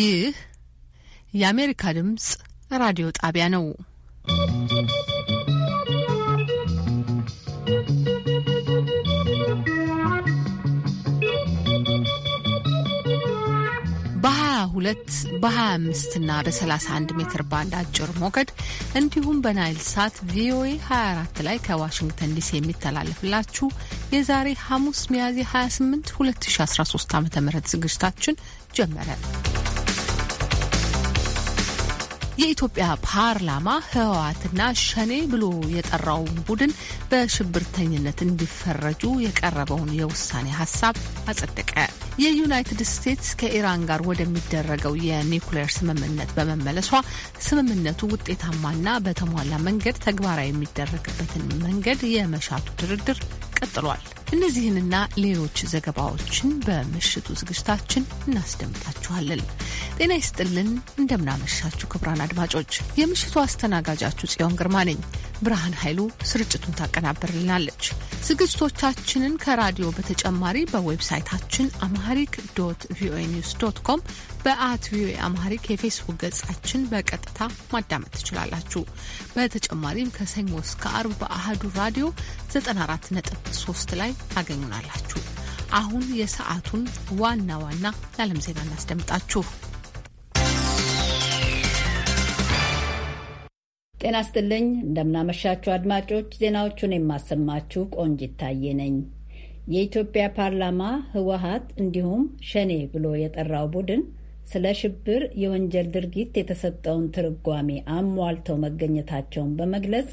ይህ የአሜሪካ ድምፅ ራዲዮ ጣቢያ ነው። በ22 በ25 እና በ31 ሜትር ባንድ አጭር ሞገድ እንዲሁም በናይል ሳት ቪኦኤ 24 ላይ ከዋሽንግተን ዲሲ የሚተላለፍላችሁ የዛሬ ሐሙስ ሚያዝያ 28 2013 ዓ ም ዝግጅታችን ጀመረ። የኢትዮጵያ ፓርላማ ህወሓትና ሸኔ ብሎ የጠራውን ቡድን በሽብርተኝነት እንዲፈረጁ የቀረበውን የውሳኔ ሀሳብ አጸደቀ። የዩናይትድ ስቴትስ ከኢራን ጋር ወደሚደረገው የኒውክሌር ስምምነት በመመለሷ ስምምነቱ ውጤታማና በተሟላ መንገድ ተግባራዊ የሚደረግበትን መንገድ የመሻቱ ድርድር ቀጥሏል። እነዚህንና ሌሎች ዘገባዎችን በምሽቱ ዝግጅታችን እናስደምጣችኋለን። ጤና ይስጥልን፣ እንደምናመሻችሁ ክቡራን አድማጮች። የምሽቱ አስተናጋጃችሁ ጽዮን ግርማ ነኝ። ብርሃን ኃይሉ ስርጭቱን ታቀናበርልናለች። ዝግጅቶቻችንን ከራዲዮ በተጨማሪ በዌብሳይታችን አምሃሪክ ዶት ቪኦኤ ኒውስ ዶት ኮም፣ በአት ቪኦኤ አምሃሪክ የፌስቡክ ገጻችን በቀጥታ ማዳመጥ ትችላላችሁ። በተጨማሪም ከሰኞ እስከ አርብ በአህዱ ራዲዮ 94.3 ላይ ታገኙናላችሁ። አሁን የሰዓቱን ዋና ዋና የዓለም ዜና እናስደምጣችሁ። ጤና ስጥልኝ እንደምናመሻችሁ አድማጮች። ዜናዎቹን የማሰማችሁ ቆንጅ ይታየ ነኝ። የኢትዮጵያ ፓርላማ ህወሀት እንዲሁም ሸኔ ብሎ የጠራው ቡድን ስለ ሽብር የወንጀል ድርጊት የተሰጠውን ትርጓሜ አሟልተው መገኘታቸውን በመግለጽ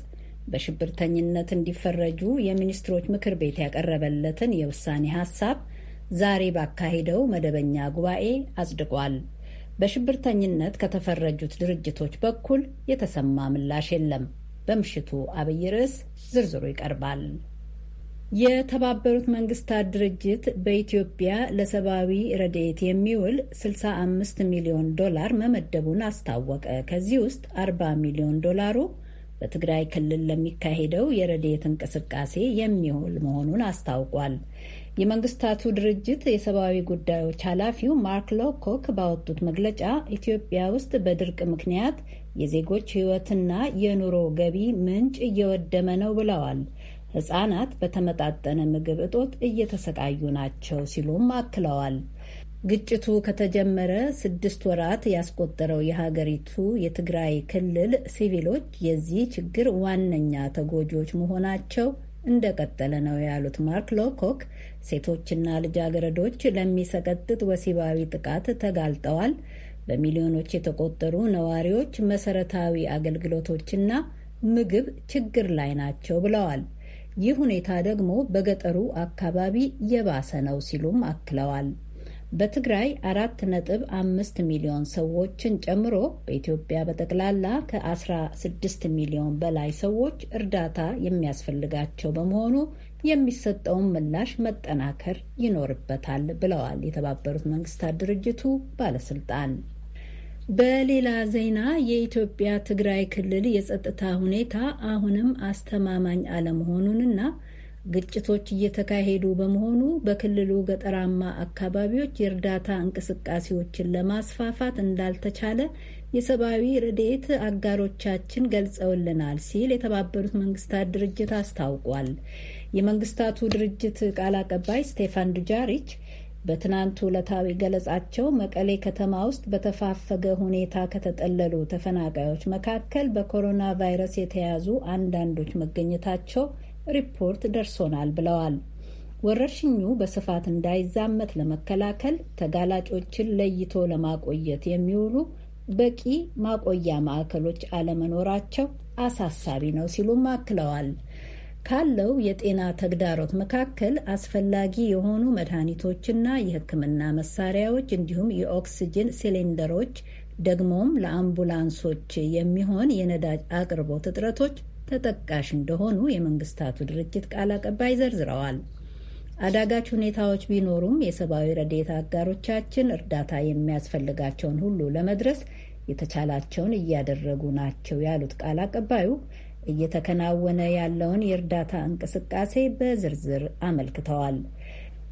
በሽብርተኝነት እንዲፈረጁ የሚኒስትሮች ምክር ቤት ያቀረበለትን የውሳኔ ሀሳብ ዛሬ ባካሄደው መደበኛ ጉባኤ አጽድቋል። በሽብርተኝነት ከተፈረጁት ድርጅቶች በኩል የተሰማ ምላሽ የለም። በምሽቱ አብይ ርዕስ ዝርዝሩ ይቀርባል። የተባበሩት መንግስታት ድርጅት በኢትዮጵያ ለሰብአዊ ረድኤት የሚውል 65 ሚሊዮን ዶላር መመደቡን አስታወቀ። ከዚህ ውስጥ 40 ሚሊዮን ዶላሩ በትግራይ ክልል ለሚካሄደው የረድኤት እንቅስቃሴ የሚውል መሆኑን አስታውቋል። የመንግስታቱ ድርጅት የሰብአዊ ጉዳዮች ኃላፊው ማርክ ሎኮክ ባወጡት መግለጫ ኢትዮጵያ ውስጥ በድርቅ ምክንያት የዜጎች ሕይወትና የኑሮ ገቢ ምንጭ እየወደመ ነው ብለዋል። ሕፃናት በተመጣጠነ ምግብ እጦት እየተሰቃዩ ናቸው ሲሉም አክለዋል። ግጭቱ ከተጀመረ ስድስት ወራት ያስቆጠረው የሀገሪቱ የትግራይ ክልል ሲቪሎች የዚህ ችግር ዋነኛ ተጎጂዎች መሆናቸው እንደቀጠለ ነው ያሉት ማርክ ሎኮክ ሴቶችና ልጃገረዶች ለሚሰቀጥጥ ወሲባዊ ጥቃት ተጋልጠዋል። በሚሊዮኖች የተቆጠሩ ነዋሪዎች መሰረታዊ አገልግሎቶችና ምግብ ችግር ላይ ናቸው ብለዋል። ይህ ሁኔታ ደግሞ በገጠሩ አካባቢ የባሰ ነው ሲሉም አክለዋል። በትግራይ አራት ነጥብ አምስት ሚሊዮን ሰዎችን ጨምሮ በኢትዮጵያ በጠቅላላ ከ16 ሚሊዮን በላይ ሰዎች እርዳታ የሚያስፈልጋቸው በመሆኑ የሚሰጠውን ምላሽ መጠናከር ይኖርበታል ብለዋል የተባበሩት መንግስታት ድርጅቱ ባለስልጣን። በሌላ ዜና የኢትዮጵያ ትግራይ ክልል የጸጥታ ሁኔታ አሁንም አስተማማኝ አለመሆኑንና ግጭቶች እየተካሄዱ በመሆኑ በክልሉ ገጠራማ አካባቢዎች የእርዳታ እንቅስቃሴዎችን ለማስፋፋት እንዳልተቻለ የሰብአዊ ረድኤት አጋሮቻችን ገልጸውልናል ሲል የተባበሩት መንግስታት ድርጅት አስታውቋል። የመንግስታቱ ድርጅት ቃል አቀባይ ስቴፋን ዱጃሪች በትናንቱ ዕለታዊ ገለጻቸው መቀሌ ከተማ ውስጥ በተፋፈገ ሁኔታ ከተጠለሉ ተፈናቃዮች መካከል በኮሮና ቫይረስ የተያዙ አንዳንዶች መገኘታቸው ሪፖርት ደርሶናል ብለዋል። ወረርሽኙ በስፋት እንዳይዛመት ለመከላከል ተጋላጮችን ለይቶ ለማቆየት የሚውሉ በቂ ማቆያ ማዕከሎች አለመኖራቸው አሳሳቢ ነው ሲሉም አክለዋል። ካለው የጤና ተግዳሮት መካከል አስፈላጊ የሆኑ መድኃኒቶችና የሕክምና መሳሪያዎች እንዲሁም የኦክስጅን ሲሊንደሮች ደግሞም ለአምቡላንሶች የሚሆን የነዳጅ አቅርቦት እጥረቶች ተጠቃሽ እንደሆኑ የመንግስታቱ ድርጅት ቃል አቀባይ ዘርዝረዋል። አዳጋች ሁኔታዎች ቢኖሩም የሰብአዊ ረዴት አጋሮቻችን እርዳታ የሚያስፈልጋቸውን ሁሉ ለመድረስ የተቻላቸውን እያደረጉ ናቸው ያሉት ቃል አቀባዩ እየተከናወነ ያለውን የእርዳታ እንቅስቃሴ በዝርዝር አመልክተዋል።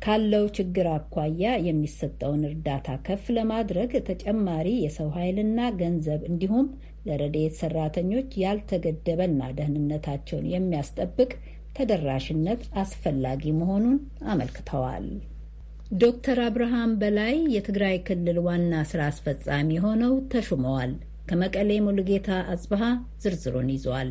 ካለው ችግር አኳያ የሚሰጠውን እርዳታ ከፍ ለማድረግ ተጨማሪ የሰው ኃይልና ገንዘብ እንዲሁም ለረድኤት ሰራተኞች ያልተገደበና ደህንነታቸውን የሚያስጠብቅ ተደራሽነት አስፈላጊ መሆኑን አመልክተዋል። ዶክተር አብርሃም በላይ የትግራይ ክልል ዋና ስራ አስፈጻሚ ሆነው ተሹመዋል። ከመቀሌ ሙሉጌታ አጽብሃ ዝርዝሩን ይዟል።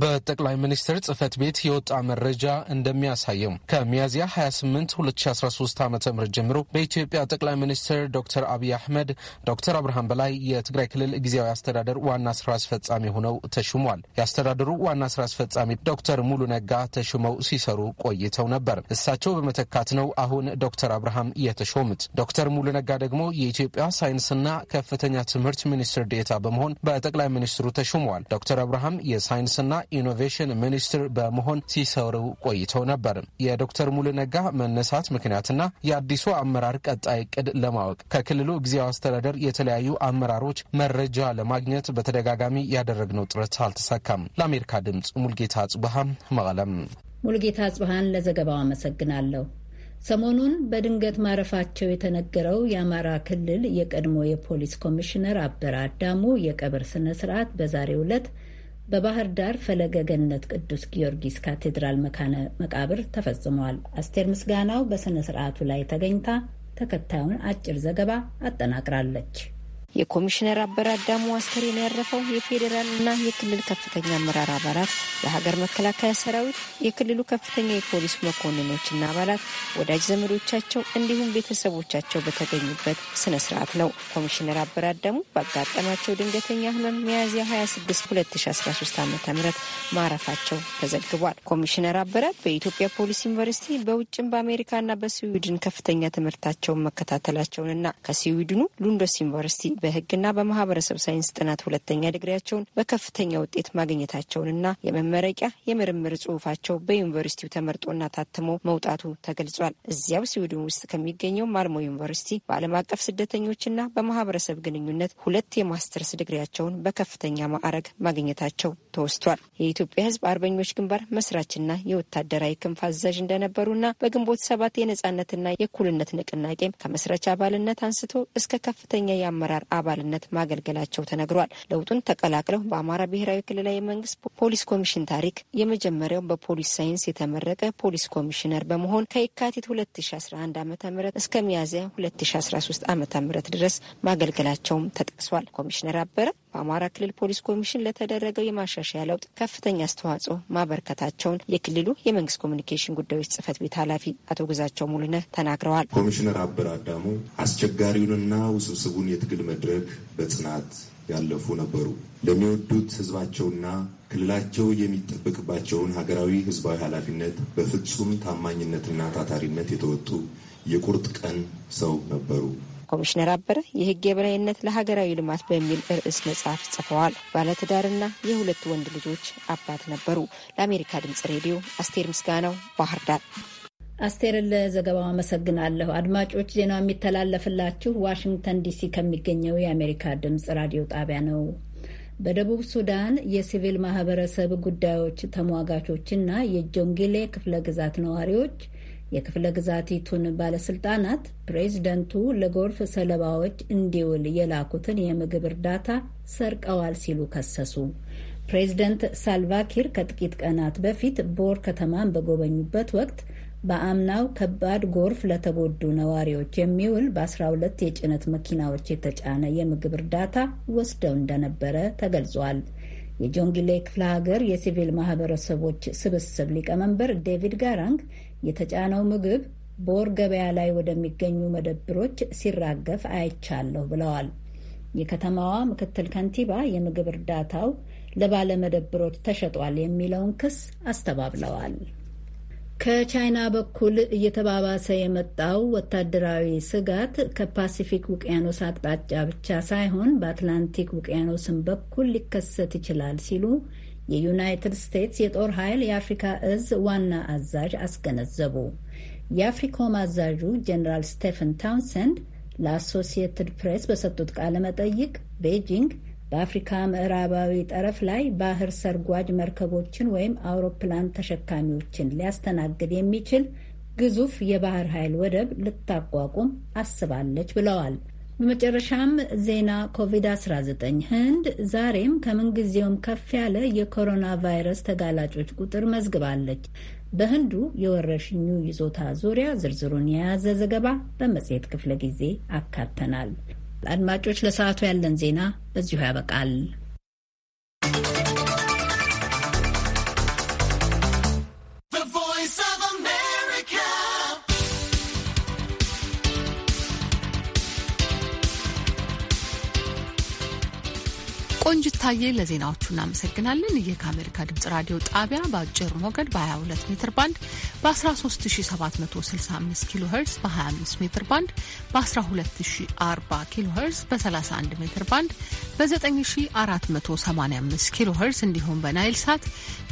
በጠቅላይ ሚኒስትር ጽህፈት ቤት የወጣ መረጃ እንደሚያሳየው ከሚያዝያ 28 2013 ዓ ም ጀምሮ በኢትዮጵያ ጠቅላይ ሚኒስትር ዶክተር አብይ አህመድ ዶክተር አብርሃም በላይ የትግራይ ክልል ጊዜያዊ አስተዳደር ዋና ስራ አስፈጻሚ ሆነው ተሹሟል። የአስተዳደሩ ዋና ስራ አስፈጻሚ ዶክተር ሙሉ ነጋ ተሹመው ሲሰሩ ቆይተው ነበር። እሳቸው በመተካት ነው አሁን ዶክተር አብርሃም የተሾሙት። ዶክተር ሙሉ ነጋ ደግሞ የኢትዮጵያ ሳይንስና ከፍተኛ ትምህርት ሚኒስትር ዴታ በመሆን በጠቅላይ ሚኒስትሩ ተሹመዋል። ዶክተር አብርሃም የሳይንስና ኢኖቬሽን ሚኒስትር በመሆን ሲሰሩ ቆይተው ነበር። የዶክተር ሙሉ ነጋ መነሳት ምክንያትና የአዲሱ አመራር ቀጣይ እቅድ ለማወቅ ከክልሉ ጊዜያዊ አስተዳደር የተለያዩ አመራሮች መረጃ ለማግኘት በተደጋጋሚ ያደረግነው ጥረት አልተሳካም። ለአሜሪካ ድምፅ ሙልጌታ አጽብሃም መቀለም። ሙልጌታ አጽብሃን ለዘገባው አመሰግናለሁ። ሰሞኑን በድንገት ማረፋቸው የተነገረው የአማራ ክልል የቀድሞ የፖሊስ ኮሚሽነር አበረ አዳሙ የቀብር ስነ ስርዓት በዛሬው ዕለት በባህር ዳር ፈለገ ገነት ቅዱስ ጊዮርጊስ ካቴድራል መካነ መቃብር ተፈጽሟል። አስቴር ምስጋናው በሥነ ሥርዓቱ ላይ ተገኝታ ተከታዩን አጭር ዘገባ አጠናቅራለች። የኮሚሽነር አበራ አዳሙ አስከሬን ያረፈው የፌዴራልና የክልል ከፍተኛ አመራር አባላት፣ የሀገር መከላከያ ሰራዊት፣ የክልሉ ከፍተኛ የፖሊስ መኮንኖችና አባላት፣ ወዳጅ ዘመዶቻቸው እንዲሁም ቤተሰቦቻቸው በተገኙበት ስነ ስርዓት ነው። ኮሚሽነር አበራ አዳሙ ባጋጠማቸው ድንገተኛ ህመም ሚያዝያ 26 2013 ዓ ም ማረፋቸው ተዘግቧል። ኮሚሽነር አበራ በኢትዮጵያ ፖሊስ ዩኒቨርሲቲ በውጭም በአሜሪካና በስዊድን ከፍተኛ ትምህርታቸውን መከታተላቸውንና ከስዊድኑ ሉንዶስ ዩኒቨርሲቲ በሕግና በማህበረሰብ ሳይንስ ጥናት ሁለተኛ ዲግሪያቸውን በከፍተኛ ውጤት ማግኘታቸውንና የመመረቂያ የምርምር ጽሁፋቸው በዩኒቨርሲቲው ተመርጦና ታትሞ መውጣቱ ተገልጿል። እዚያው ስዊድን ውስጥ ከሚገኘው ማልሞ ዩኒቨርሲቲ በዓለም አቀፍ ስደተኞችና በማህበረሰብ ግንኙነት ሁለት የማስተርስ ዲግሪያቸውን በከፍተኛ ማዕረግ ማግኘታቸው ተወስቷል። የኢትዮጵያ ሕዝብ አርበኞች ግንባር መስራችና የወታደራዊ ክንፍ አዛዥ እንደነበሩና በግንቦት ሰባት የነጻነትና የእኩልነት ንቅናቄ ከመስረቻ አባልነት አንስቶ እስከ ከፍተኛ የአመራር አባልነት ማገልገላቸው ተነግሯል። ለውጡን ተቀላቅለው በአማራ ብሔራዊ ክልላዊ መንግስት ፖሊስ ኮሚሽን ታሪክ የመጀመሪያው በፖሊስ ሳይንስ የተመረቀ ፖሊስ ኮሚሽነር በመሆን ከየካቲት 2011 ዓ ም እስከ ሚያዝያ 2013 ዓ ም ድረስ ማገልገላቸውም ተጠቅሷል። ኮሚሽነር አበረ በአማራ ክልል ፖሊስ ኮሚሽን ለተደረገው የማሻሻያ ለውጥ ከፍተኛ አስተዋጽኦ ማበርከታቸውን የክልሉ የመንግስት ኮሚኒኬሽን ጉዳዮች ጽህፈት ቤት ኃላፊ አቶ ግዛቸው ሙሉነህ ተናግረዋል። ኮሚሽነር አበር አዳሙ አስቸጋሪውንና ውስብስቡን የትግል መድረክ በጽናት ያለፉ ነበሩ። ለሚወዱት ህዝባቸውና ክልላቸው የሚጠበቅባቸውን ሀገራዊ ህዝባዊ ኃላፊነት በፍጹም ታማኝነትና ታታሪነት የተወጡ የቁርጥ ቀን ሰው ነበሩ። ኮሚሽነር አበረ የህግ የበላይነት ለሀገራዊ ልማት በሚል ርዕስ መጽሐፍ ጽፈዋል። ባለትዳርና የሁለት ወንድ ልጆች አባት ነበሩ። ለአሜሪካ ድምጽ ሬዲዮ አስቴር ምስጋናው ባህር ዳር። አስቴርን ለዘገባው አመሰግናለሁ። አድማጮች ዜናው የሚተላለፍላችሁ ዋሽንግተን ዲሲ ከሚገኘው የአሜሪካ ድምጽ ራዲዮ ጣቢያ ነው። በደቡብ ሱዳን የሲቪል ማህበረሰብ ጉዳዮች ተሟጋቾችና የጆንጌሌ ክፍለ ግዛት ነዋሪዎች የክፍለ ግዛቲቱን ባለስልጣናት ፕሬዚደንቱ ለጎርፍ ሰለባዎች እንዲውል የላኩትን የምግብ እርዳታ ሰርቀዋል ሲሉ ከሰሱ። ፕሬዚደንት ሳልቫኪር ከጥቂት ቀናት በፊት ቦር ከተማን በጎበኙበት ወቅት በአምናው ከባድ ጎርፍ ለተጎዱ ነዋሪዎች የሚውል በ12 የጭነት መኪናዎች የተጫነ የምግብ እርዳታ ወስደው እንደነበረ ተገልጿል። የጆንግሌ ክፍለ ሀገር የሲቪል ማህበረሰቦች ስብስብ ሊቀመንበር ዴቪድ ጋራንግ የተጫነው ምግብ በወር ገበያ ላይ ወደሚገኙ መደብሮች ሲራገፍ አይቻለሁ ብለዋል። የከተማዋ ምክትል ከንቲባ የምግብ እርዳታው ለባለመደብሮች ተሸጧል የሚለውን ክስ አስተባብለዋል። ከቻይና በኩል እየተባባሰ የመጣው ወታደራዊ ስጋት ከፓሲፊክ ውቅያኖስ አቅጣጫ ብቻ ሳይሆን በአትላንቲክ ውቅያኖስን በኩል ሊከሰት ይችላል ሲሉ የዩናይትድ ስቴትስ የጦር ኃይል የአፍሪካ እዝ ዋና አዛዥ አስገነዘቡ። የአፍሪኮም አዛዡ ጀኔራል ስቴፈን ታውንሰንድ ለአሶሲየትድ ፕሬስ በሰጡት ቃለ መጠይቅ ቤጂንግ በአፍሪካ ምዕራባዊ ጠረፍ ላይ ባህር ሰርጓጅ መርከቦችን ወይም አውሮፕላን ተሸካሚዎችን ሊያስተናግድ የሚችል ግዙፍ የባህር ኃይል ወደብ ልታቋቁም አስባለች ብለዋል። በመጨረሻም ዜና ኮቪድ-19 ህንድ ዛሬም ከምንጊዜውም ከፍ ያለ የኮሮና ቫይረስ ተጋላጮች ቁጥር መዝግባለች። በህንዱ የወረርሽኙ ይዞታ ዙሪያ ዝርዝሩን የያዘ ዘገባ በመጽሔት ክፍለ ጊዜ አካተናል። አድማጮች፣ ለሰዓቱ ያለን ዜና በዚሁ ያበቃል። ቆንጅታየ ለዜናዎቹ እናመሰግናለን። ይህ ከአሜሪካ ድምጽ ራዲዮ ጣቢያ በአጭር ሞገድ በ22 ሜትር ባንድ በ13765 ኪሎ ሄርዝ በ25 ሜትር ባንድ በ1240 ኪሎ ሄርዝ በ31 ሜትር ባንድ በ9485 ኪሎ ሄርዝ እንዲሁም በናይል ሳት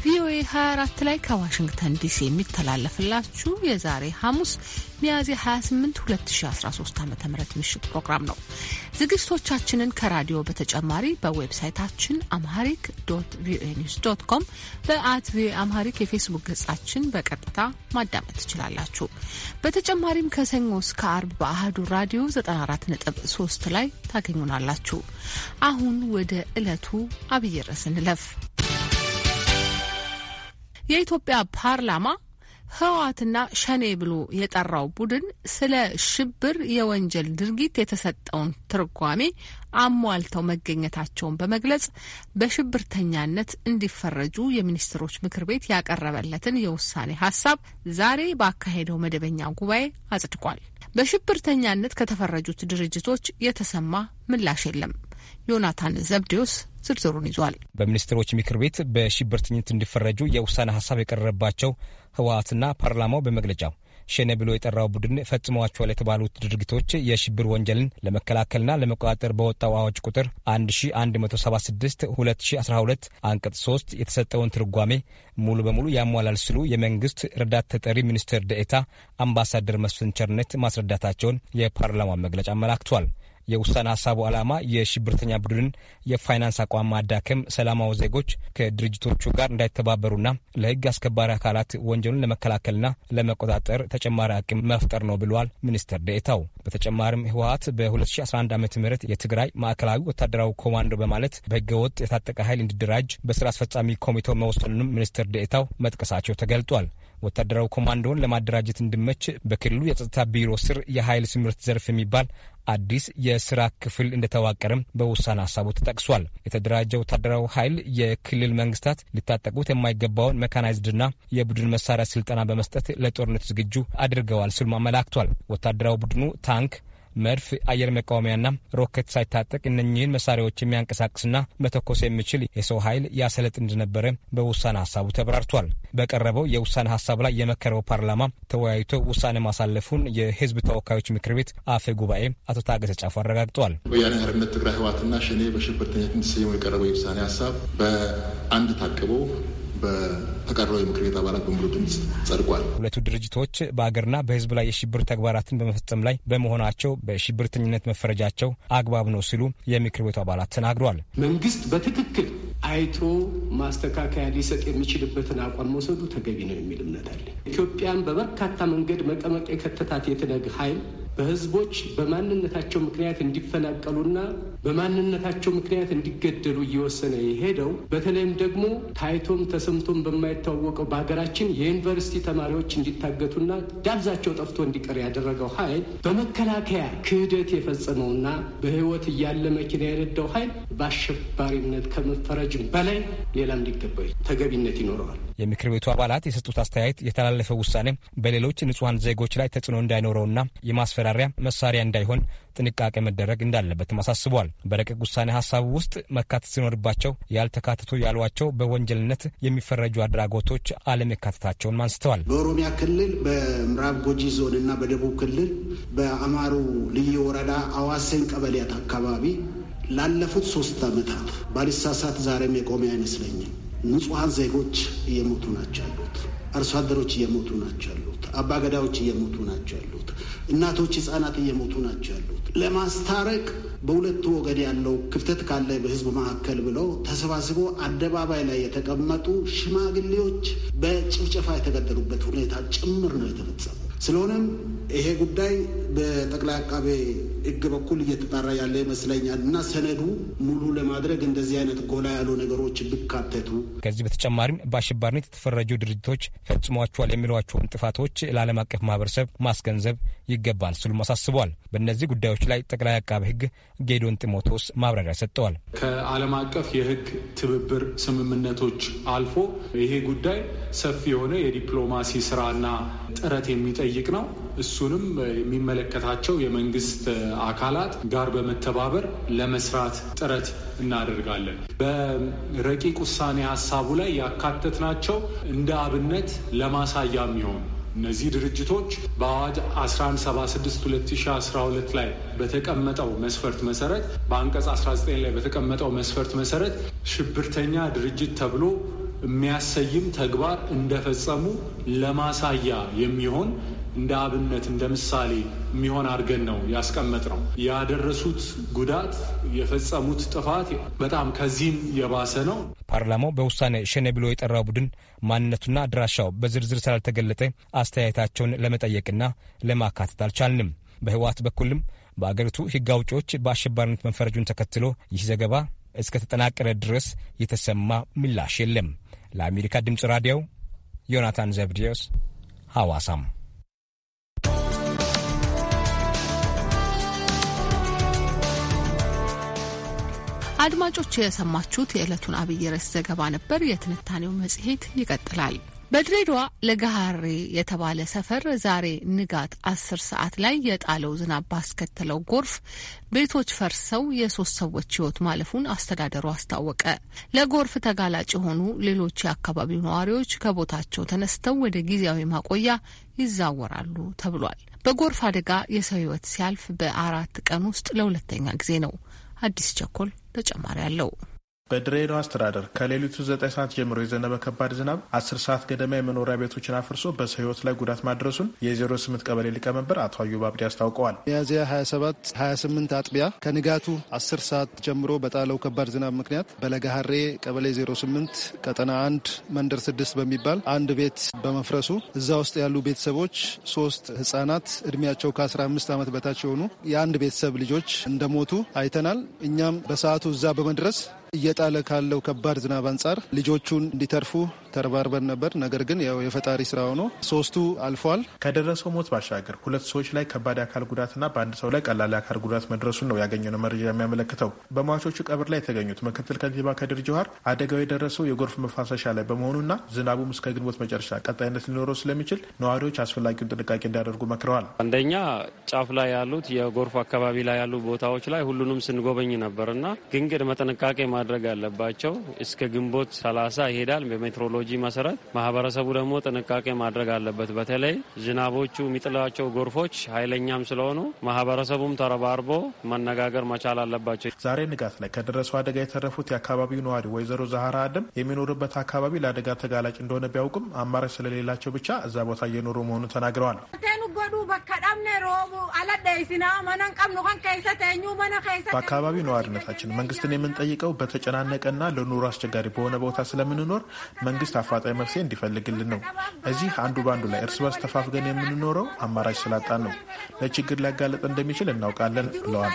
ቪኦኤ 24 ላይ ከዋሽንግተን ዲሲ የሚተላለፍላችሁ የዛሬ ሐሙስ ሚያዝያ 28 2013 ዓ ም ምሽት ፕሮግራም ነው። ዝግጅቶቻችንን ከራዲዮ በተጨማሪ በዌብሳይታችን አምሃሪክ ዶት ቪኦኤ ኒውስ ዶት ኮም፣ በአት ቪኦኤ አምሃሪክ የፌስቡክ ገጻችን በቀጥታ ማዳመጥ ትችላላችሁ። በተጨማሪም ከሰኞ እስከ አርብ በአህዱ ራዲዮ 94.3 ላይ ታገኙናላችሁ። አሁን ወደ ዕለቱ አብይ ርዕስ እንለፍ። የኢትዮጵያ ፓርላማ ህወሓትና ሸኔ ብሎ የጠራው ቡድን ስለ ሽብር የወንጀል ድርጊት የተሰጠውን ትርጓሜ አሟልተው መገኘታቸውን በመግለጽ በሽብርተኛነት እንዲፈረጁ የሚኒስትሮች ምክር ቤት ያቀረበለትን የውሳኔ ሀሳብ ዛሬ ባካሄደው መደበኛ ጉባኤ አጽድቋል። በሽብርተኛነት ከተፈረጁት ድርጅቶች የተሰማ ምላሽ የለም። ዮናታን ዘብዴዎስ ዝርዝሩን ይዟል። በሚኒስትሮች ምክር ቤት በሽብርተኝነት እንዲፈረጁ የውሳኔ ሀሳብ የቀረበባቸው ህወሀትና ፓርላማው በመግለጫው ሸኔ ብሎ የጠራው ቡድን ፈጽሟቸዋል የተባሉት ድርጊቶች የሽብር ወንጀልን ለመከላከልና ለመቆጣጠር በወጣው አዋጅ ቁጥር 1176 2012 አንቀጽ 3 የተሰጠውን ትርጓሜ ሙሉ በሙሉ ያሟላል ሲሉ የመንግስት ረዳት ተጠሪ ሚኒስትር ደኤታ አምባሳደር መስፍን ቸርነት ማስረዳታቸውን የፓርላማ መግለጫ አመላክቷል። የውሳኔ ሀሳቡ ዓላማ የሽብርተኛ ቡድንን የፋይናንስ አቋም ማዳከም፣ ሰላማዊ ዜጎች ከድርጅቶቹ ጋር እንዳይተባበሩና ለህግ አስከባሪ አካላት ወንጀሉን ለመከላከልና ለመቆጣጠር ተጨማሪ አቅም መፍጠር ነው ብለዋል ሚኒስትር ዴኤታው። በተጨማሪም ህወሀት በ2011 ዓ ም የትግራይ ማዕከላዊ ወታደራዊ ኮማንዶ በማለት በህገወጥ የታጠቀ ኃይል እንዲደራጅ በስራ አስፈጻሚ ኮሚቴው መወሰኑንም ሚኒስትር ዴኤታው መጥቀሳቸው ተገልጧል። ወታደራዊ ኮማንዶን ለማደራጀት እንዲመች በክልሉ የጸጥታ ቢሮ ስር የኃይል ስምርት ዘርፍ የሚባል አዲስ የስራ ክፍል እንደተዋቀረም በውሳኔ ሀሳቡ ተጠቅሷል። የተደራጀ ወታደራዊ ኃይል የክልል መንግስታት ሊታጠቁት የማይገባውን መካናይዝድና የቡድን መሳሪያ ስልጠና በመስጠት ለጦርነት ዝግጁ አድርገዋል ሲሉም አመላክቷል። ወታደራዊ ቡድኑ ታንክ መድፍ፣ አየር መቃወሚያና ሮኬት ሳይታጠቅ እነኚህን መሳሪያዎች የሚያንቀሳቅስና መተኮስ የሚችል የሰው ኃይል ያሰለጥ እንደነበረ በውሳኔ ሀሳቡ ተብራርቷል። በቀረበው የውሳኔ ሀሳብ ላይ የመከረው ፓርላማ ተወያይቶ ውሳኔ ማሳለፉን የህዝብ ተወካዮች ምክር ቤት አፈ ጉባኤ አቶ ታገሰ ጫፉ አረጋግጠዋል። ወያኔ ሓርነት ትግራይ ህወሓትና ሸኔ በሽብርተኛ እንዲሰየሙ የቀረበው የውሳኔ ሀሳብ በአንድ ታቅበው በተቀረው የምክር ቤት አባላት በሙሉ ድምፅ ጸድቋል። ሁለቱ ድርጅቶች በአገርና በሕዝብ ላይ የሽብር ተግባራትን በመፈጸም ላይ በመሆናቸው በሽብርተኝነት መፈረጃቸው አግባብ ነው ሲሉ የምክር ቤቱ አባላት ተናግሯል። መንግስት በትክክል አይቶ ማስተካከያ ሊሰጥ የሚችልበትን አቋም መውሰዱ ተገቢ ነው የሚል እምነት አለ። ኢትዮጵያን በበርካታ መንገድ መቀመቅ የከተታት የትነግ ኃይል በህዝቦች በማንነታቸው ምክንያት እንዲፈናቀሉና በማንነታቸው ምክንያት እንዲገደሉ እየወሰነ የሄደው በተለይም ደግሞ ታይቶም ተሰምቶም በማይታወቀው በሀገራችን የዩኒቨርሲቲ ተማሪዎች እንዲታገቱና ዳብዛቸው ጠፍቶ እንዲቀር ያደረገው ኃይል በመከላከያ ክህደት የፈጸመውና በህይወት እያለ መኪና የነዳው ኃይል በአሸባሪነት ከመፈረጅም በላይ ሌላም ሊገባ ተገቢነት ይኖረዋል። የምክር ቤቱ አባላት የሰጡት አስተያየት የተላለፈው ውሳኔ በሌሎች ንጹሐን ዜጎች ላይ ተጽዕኖ እንዳይኖረውና የማስፈራ ማስፈራሪያ መሳሪያ እንዳይሆን ጥንቃቄ መደረግ እንዳለበትም አሳስቧል። በረቂቅ ውሳኔ ሀሳብ ውስጥ መካተት ሲኖርባቸው ያልተካተቱ ያሏቸው በወንጀልነት የሚፈረጁ አድራጎቶች አለመካተታቸውን አንስተዋል። በኦሮሚያ ክልል በምዕራብ ጎጂ ዞን እና በደቡብ ክልል በአማሩ ልዩ ወረዳ አዋሴን ቀበሌያት አካባቢ ላለፉት ሶስት ዓመታት ባልሳሳት ዛሬም የቆመ አይመስለኝም። ንጹሐን ዜጎች እየሞቱ ናቸው ያሉት፣ አርሶ አደሮች እየሞቱ ናቸው ያሉት አባገዳዎች እየሞቱ ናቸው ያሉት፣ እናቶች ህጻናት እየሞቱ ናቸው ያሉት። ለማስታረቅ በሁለቱ ወገድ ያለው ክፍተት ካለ በህዝብ መካከል ብለው ተሰባስቦ አደባባይ ላይ የተቀመጡ ሽማግሌዎች በጭፍጨፋ የተገደሉበት ሁኔታ ጭምር ነው የተፈጸመው። ስለሆነም ይሄ ጉዳይ በጠቅላይ አቃቤ ሕግ በኩል እየተጣራ ያለ ይመስለኛል እና ሰነዱ ሙሉ ለማድረግ እንደዚህ አይነት ጎላ ያሉ ነገሮች ቢካተቱ ከዚህ በተጨማሪም በአሸባሪነት የተፈረጁ ድርጅቶች ፈጽሟቸዋል የሚሏቸውን ጥፋቶች ለዓለም አቀፍ ማህበረሰብ ማስገንዘብ ይገባል ሲሉም አሳስበዋል። በእነዚህ ጉዳዮች ላይ ጠቅላይ አቃቤ ሕግ ጌዶን ጢሞቴዎስ ማብራሪያ ሰጥተዋል። ከዓለም አቀፍ የህግ ትብብር ስምምነቶች አልፎ ይሄ ጉዳይ ሰፊ የሆነ የዲፕሎማሲ ስራና ጥረት የሚጠይቅ የሚጠይቅ ነው። እሱንም የሚመለከታቸው የመንግስት አካላት ጋር በመተባበር ለመስራት ጥረት እናደርጋለን። በረቂቅ ውሳኔ ሀሳቡ ላይ ያካተትናቸው እንደ አብነት ለማሳያ የሚሆኑ እነዚህ ድርጅቶች በአዋጅ 1176/2012 ላይ በተቀመጠው መስፈርት መሰረት በአንቀጽ 19 ላይ በተቀመጠው መስፈርት መሰረት ሽብርተኛ ድርጅት ተብሎ የሚያሰይም ተግባር እንደፈጸሙ ለማሳያ የሚሆን እንደ አብነት እንደ ምሳሌ የሚሆን አድርገን ነው ያስቀመጥ ነው። ያደረሱት ጉዳት፣ የፈጸሙት ጥፋት በጣም ከዚህም የባሰ ነው። ፓርላማው በውሳኔ ሸኔ ብሎ የጠራው ቡድን ማንነቱና አድራሻው በዝርዝር ስላልተገለጠ አስተያየታቸውን ለመጠየቅና ለማካተት አልቻልንም። በህወሓት በኩልም በአገሪቱ ህግ አውጪዎች በአሸባሪነት መፈረጁን ተከትሎ ይህ ዘገባ እስከተጠናቀረ ድረስ የተሰማ ምላሽ የለም። ለአሜሪካ ድምፅ ራዲዮ ዮናታን ዘብዲዮስ ሐዋሳም አድማጮች የሰማችሁት የዕለቱን አብይ ርዕስ ዘገባ ነበር። የትንታኔው መጽሔት ይቀጥላል። በድሬዳዋ ለጋሃሬ የተባለ ሰፈር ዛሬ ንጋት አስር ሰዓት ላይ የጣለው ዝናብ ባስከተለው ጎርፍ ቤቶች ፈርሰው የሶስት ሰዎች ሕይወት ማለፉን አስተዳደሩ አስታወቀ። ለጎርፍ ተጋላጭ የሆኑ ሌሎች የአካባቢው ነዋሪዎች ከቦታቸው ተነስተው ወደ ጊዜያዊ ማቆያ ይዛወራሉ ተብሏል። በጎርፍ አደጋ የሰው ሕይወት ሲያልፍ በአራት ቀን ውስጥ ለሁለተኛ ጊዜ ነው። አዲስ ቸኮል ተጨማሪ አለው። በድሬዳዋ አስተዳደር ከሌሊቱ ዘጠኝ ሰዓት ጀምሮ የዘነበ ከባድ ዝናብ አስር ሰዓት ገደማ የመኖሪያ ቤቶችን አፍርሶ በሰው ላይ ጉዳት ማድረሱን የዜሮ ስምንት ቀበሌ ሊቀመንበር አቶ አዩብ አብዲ አስታውቀዋል። ሚያዝያ 27 28 አጥቢያ ከንጋቱ አስር ሰዓት ጀምሮ በጣለው ከባድ ዝናብ ምክንያት በለጋሀሬ ቀበሌ 08 ቀጠና አንድ መንደር ስድስት በሚባል አንድ ቤት በመፍረሱ እዛ ውስጥ ያሉ ቤተሰቦች ሶስት ህጻናት እድሜያቸው ከ15 ዓመት በታች የሆኑ የአንድ ቤተሰብ ልጆች እንደሞቱ አይተናል። እኛም በሰዓቱ እዛ በመድረስ እየጣለ ካለው ከባድ ዝናብ አንጻር ልጆቹን እንዲተርፉ ተረባርበን ነበር። ነገር ግን ያው የፈጣሪ ስራ ሆኖ ሶስቱ አልፏል። ከደረሰው ሞት ባሻገር ሁለት ሰዎች ላይ ከባድ አካል ጉዳትና በአንድ ሰው ላይ ቀላል አካል ጉዳት መድረሱን ነው ያገኘነው መረጃ የሚያመለክተው። በሟቾቹ ቀብር ላይ የተገኙት ምክትል ከንቲባ ከድር ጀዋር አደጋው የደረሰው የጎርፍ መፋሰሻ ላይ በመሆኑና ዝናቡም እስከ ግንቦት መጨረሻ ቀጣይነት ሊኖረው ስለሚችል ነዋሪዎች አስፈላጊውን ጥንቃቄ እንዲያደርጉ መክረዋል። አንደኛ ጫፍ ላይ ያሉት የጎርፍ አካባቢ ላይ ያሉ ቦታዎች ላይ ሁሉንም ስንጎበኝ ነበርና ግንግድ መጥንቃቄ ማድረግ አለባቸው። እስከ ግንቦት ሰላሳ ይሄዳል በሜትሮሎ ቴክኖሎጂ መሰረት ማህበረሰቡ ደግሞ ጥንቃቄ ማድረግ አለበት። በተለይ ዝናቦቹ የሚጥላቸው ጎርፎች ኃይለኛም ስለሆኑ ማህበረሰቡም ተረባርቦ መነጋገር መቻል አለባቸው። ዛሬ ንጋት ላይ ከደረሰው አደጋ የተረፉት የአካባቢው ነዋሪ ወይዘሮ ዛሃራ አደም የሚኖሩበት አካባቢ ለአደጋ ተጋላጭ እንደሆነ ቢያውቅም አማራጭ ስለሌላቸው ብቻ እዛ ቦታ እየኖሩ መሆኑ ተናግረዋል። በአካባቢው ነዋሪነታችን መንግስትን የምንጠይቀው በተጨናነቀና ለኑሮ አስቸጋሪ በሆነ ቦታ ስለምንኖር መንግስት መንግስት አፋጣኝ መፍትሄ እንዲፈልግልን ነው። እዚህ አንዱ በአንዱ ላይ እርስ በርስ ተፋፍገን የምንኖረው አማራጭ ስላጣን ነው። ለችግር ሊያጋለጥ እንደሚችል እናውቃለን ብለዋል።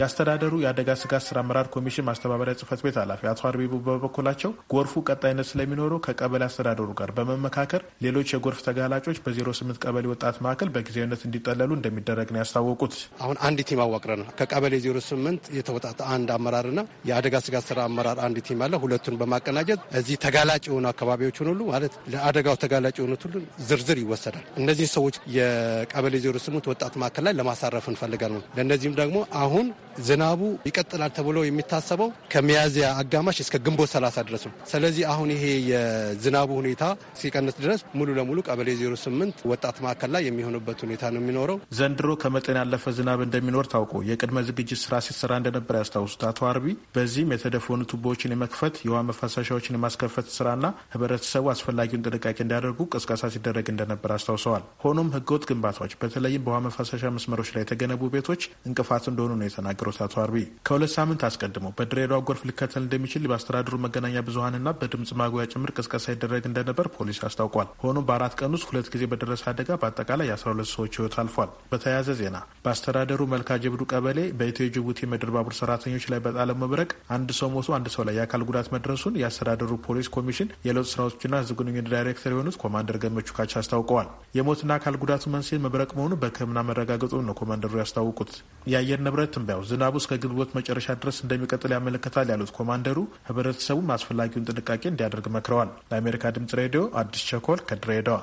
የአስተዳደሩ የአደጋ ስጋት ስራ አመራር ኮሚሽን ማስተባበሪያ ጽህፈት ቤት ኃላፊ አቶ አርቢቡ በበኩላቸው ጎርፉ ቀጣይነት ስለሚኖረው ከቀበሌ አስተዳደሩ ጋር በመመካከር ሌሎች የጎርፍ ተጋላጮች በ08 ቀበሌ ወጣት ማዕከል በጊዜያዊነት እንዲጠለሉ እንደሚደረግ ነው ያስታወቁት። አሁን አንድ ቲም ነው ከቀበሌ 08 የተወጣጠ አንድ አመራርና የአደጋ ስጋት ስራ አመራር አንድ ቲም አለ። ሁለቱን በማቀናጀት እዚህ ተጋላጭ የሆኑ አካባቢዎችን ሁሉ ማለት ለአደጋው ተጋላጭ የሆኑት ሁሉ ዝርዝር ይወሰዳል። እነዚህ ሰዎች የቀበሌ 08 ወጣት ማዕከል ላይ ለማሳረፍ እንፈልጋል ነው። ለእነዚህም ደግሞ አሁን ዝናቡ ይቀጥላል ተብሎ የሚታሰበው ከሚያዝያ አጋማሽ እስከ ግንቦት 30 ድረስ ነው። ስለዚህ አሁን ይሄ የዝናቡ ሁኔታ እስኪቀንስ ድረስ ሙሉ ለሙሉ ቀበሌ 08 ወጣት ማዕከል ላይ የሚሆንበት ሁኔታ ነው የሚኖረው። ዘንድሮ ከመጠን ያለፈ ዝናብ እንደሚኖር ታውቆ የቅድመ ዝግጅት ስራ ሲሰራ እንደነበር ያስታውሱት አቶ አርቢ፣ በዚህም የተደፈኑ ቱቦዎችን የመክፈት የውሃ መፋሰሻዎችን የማስከፈት ስራና ህብረተሰቡ አስፈላጊውን ጥንቃቄ እንዲያደርጉ ቅስቀሳ ሲደረግ እንደነበር አስታውሰዋል። ሆኖም ህገወጥ ግንባታዎች በተለይም በውሃ መፋሰሻ መስመሮች ላይ የተገነቡ ቤቶች ግኝቶች እንቅፋት እንደሆኑ ነው የተናገሩት አቶ አርቢ። ከሁለት ሳምንት አስቀድሞ በድሬዳዋ ጎርፍ ሊከተል እንደሚችል በአስተዳደሩ መገናኛ ብዙኃንና በድምጽ ማጉያ ጭምር ቅስቀሳ ይደረግ እንደነበር ፖሊስ አስታውቋል። ሆኖም በአራት ቀን ውስጥ ሁለት ጊዜ በደረሰ አደጋ በአጠቃላይ የ12 ሰዎች ህይወት አልፏል። በተያያዘ ዜና በአስተዳደሩ መልካ ጀብዱ ቀበሌ በኢትዮ ጅቡቲ ምድር ባቡር ሰራተኞች ላይ በጣለ መብረቅ አንድ ሰው ሞቶ አንድ ሰው ላይ የአካል ጉዳት መድረሱን የአስተዳደሩ ፖሊስ ኮሚሽን የለውጥ ስራዎችና ህዝብ ግንኙነት ዳይሬክተር የሆኑት ኮማንደር ገመቹ ካቻ አስታውቀዋል። የሞትና አካል ጉዳቱ መንስኤ መብረቅ መሆኑ በሕክምና መረጋገጡ ነው ኮማንደሩ ያስታውቁ ያስታወቁት። የአየር ንብረት ትንበያው ዝናቡ እስከ ግንቦት መጨረሻ ድረስ እንደሚቀጥል ያመለክታል ያሉት ኮማንደሩ ህብረተሰቡም አስፈላጊውን ጥንቃቄ እንዲያደርግ መክረዋል። ለአሜሪካ ድምጽ ሬዲዮ አዲስ ቸኮል ከድሬዳዋ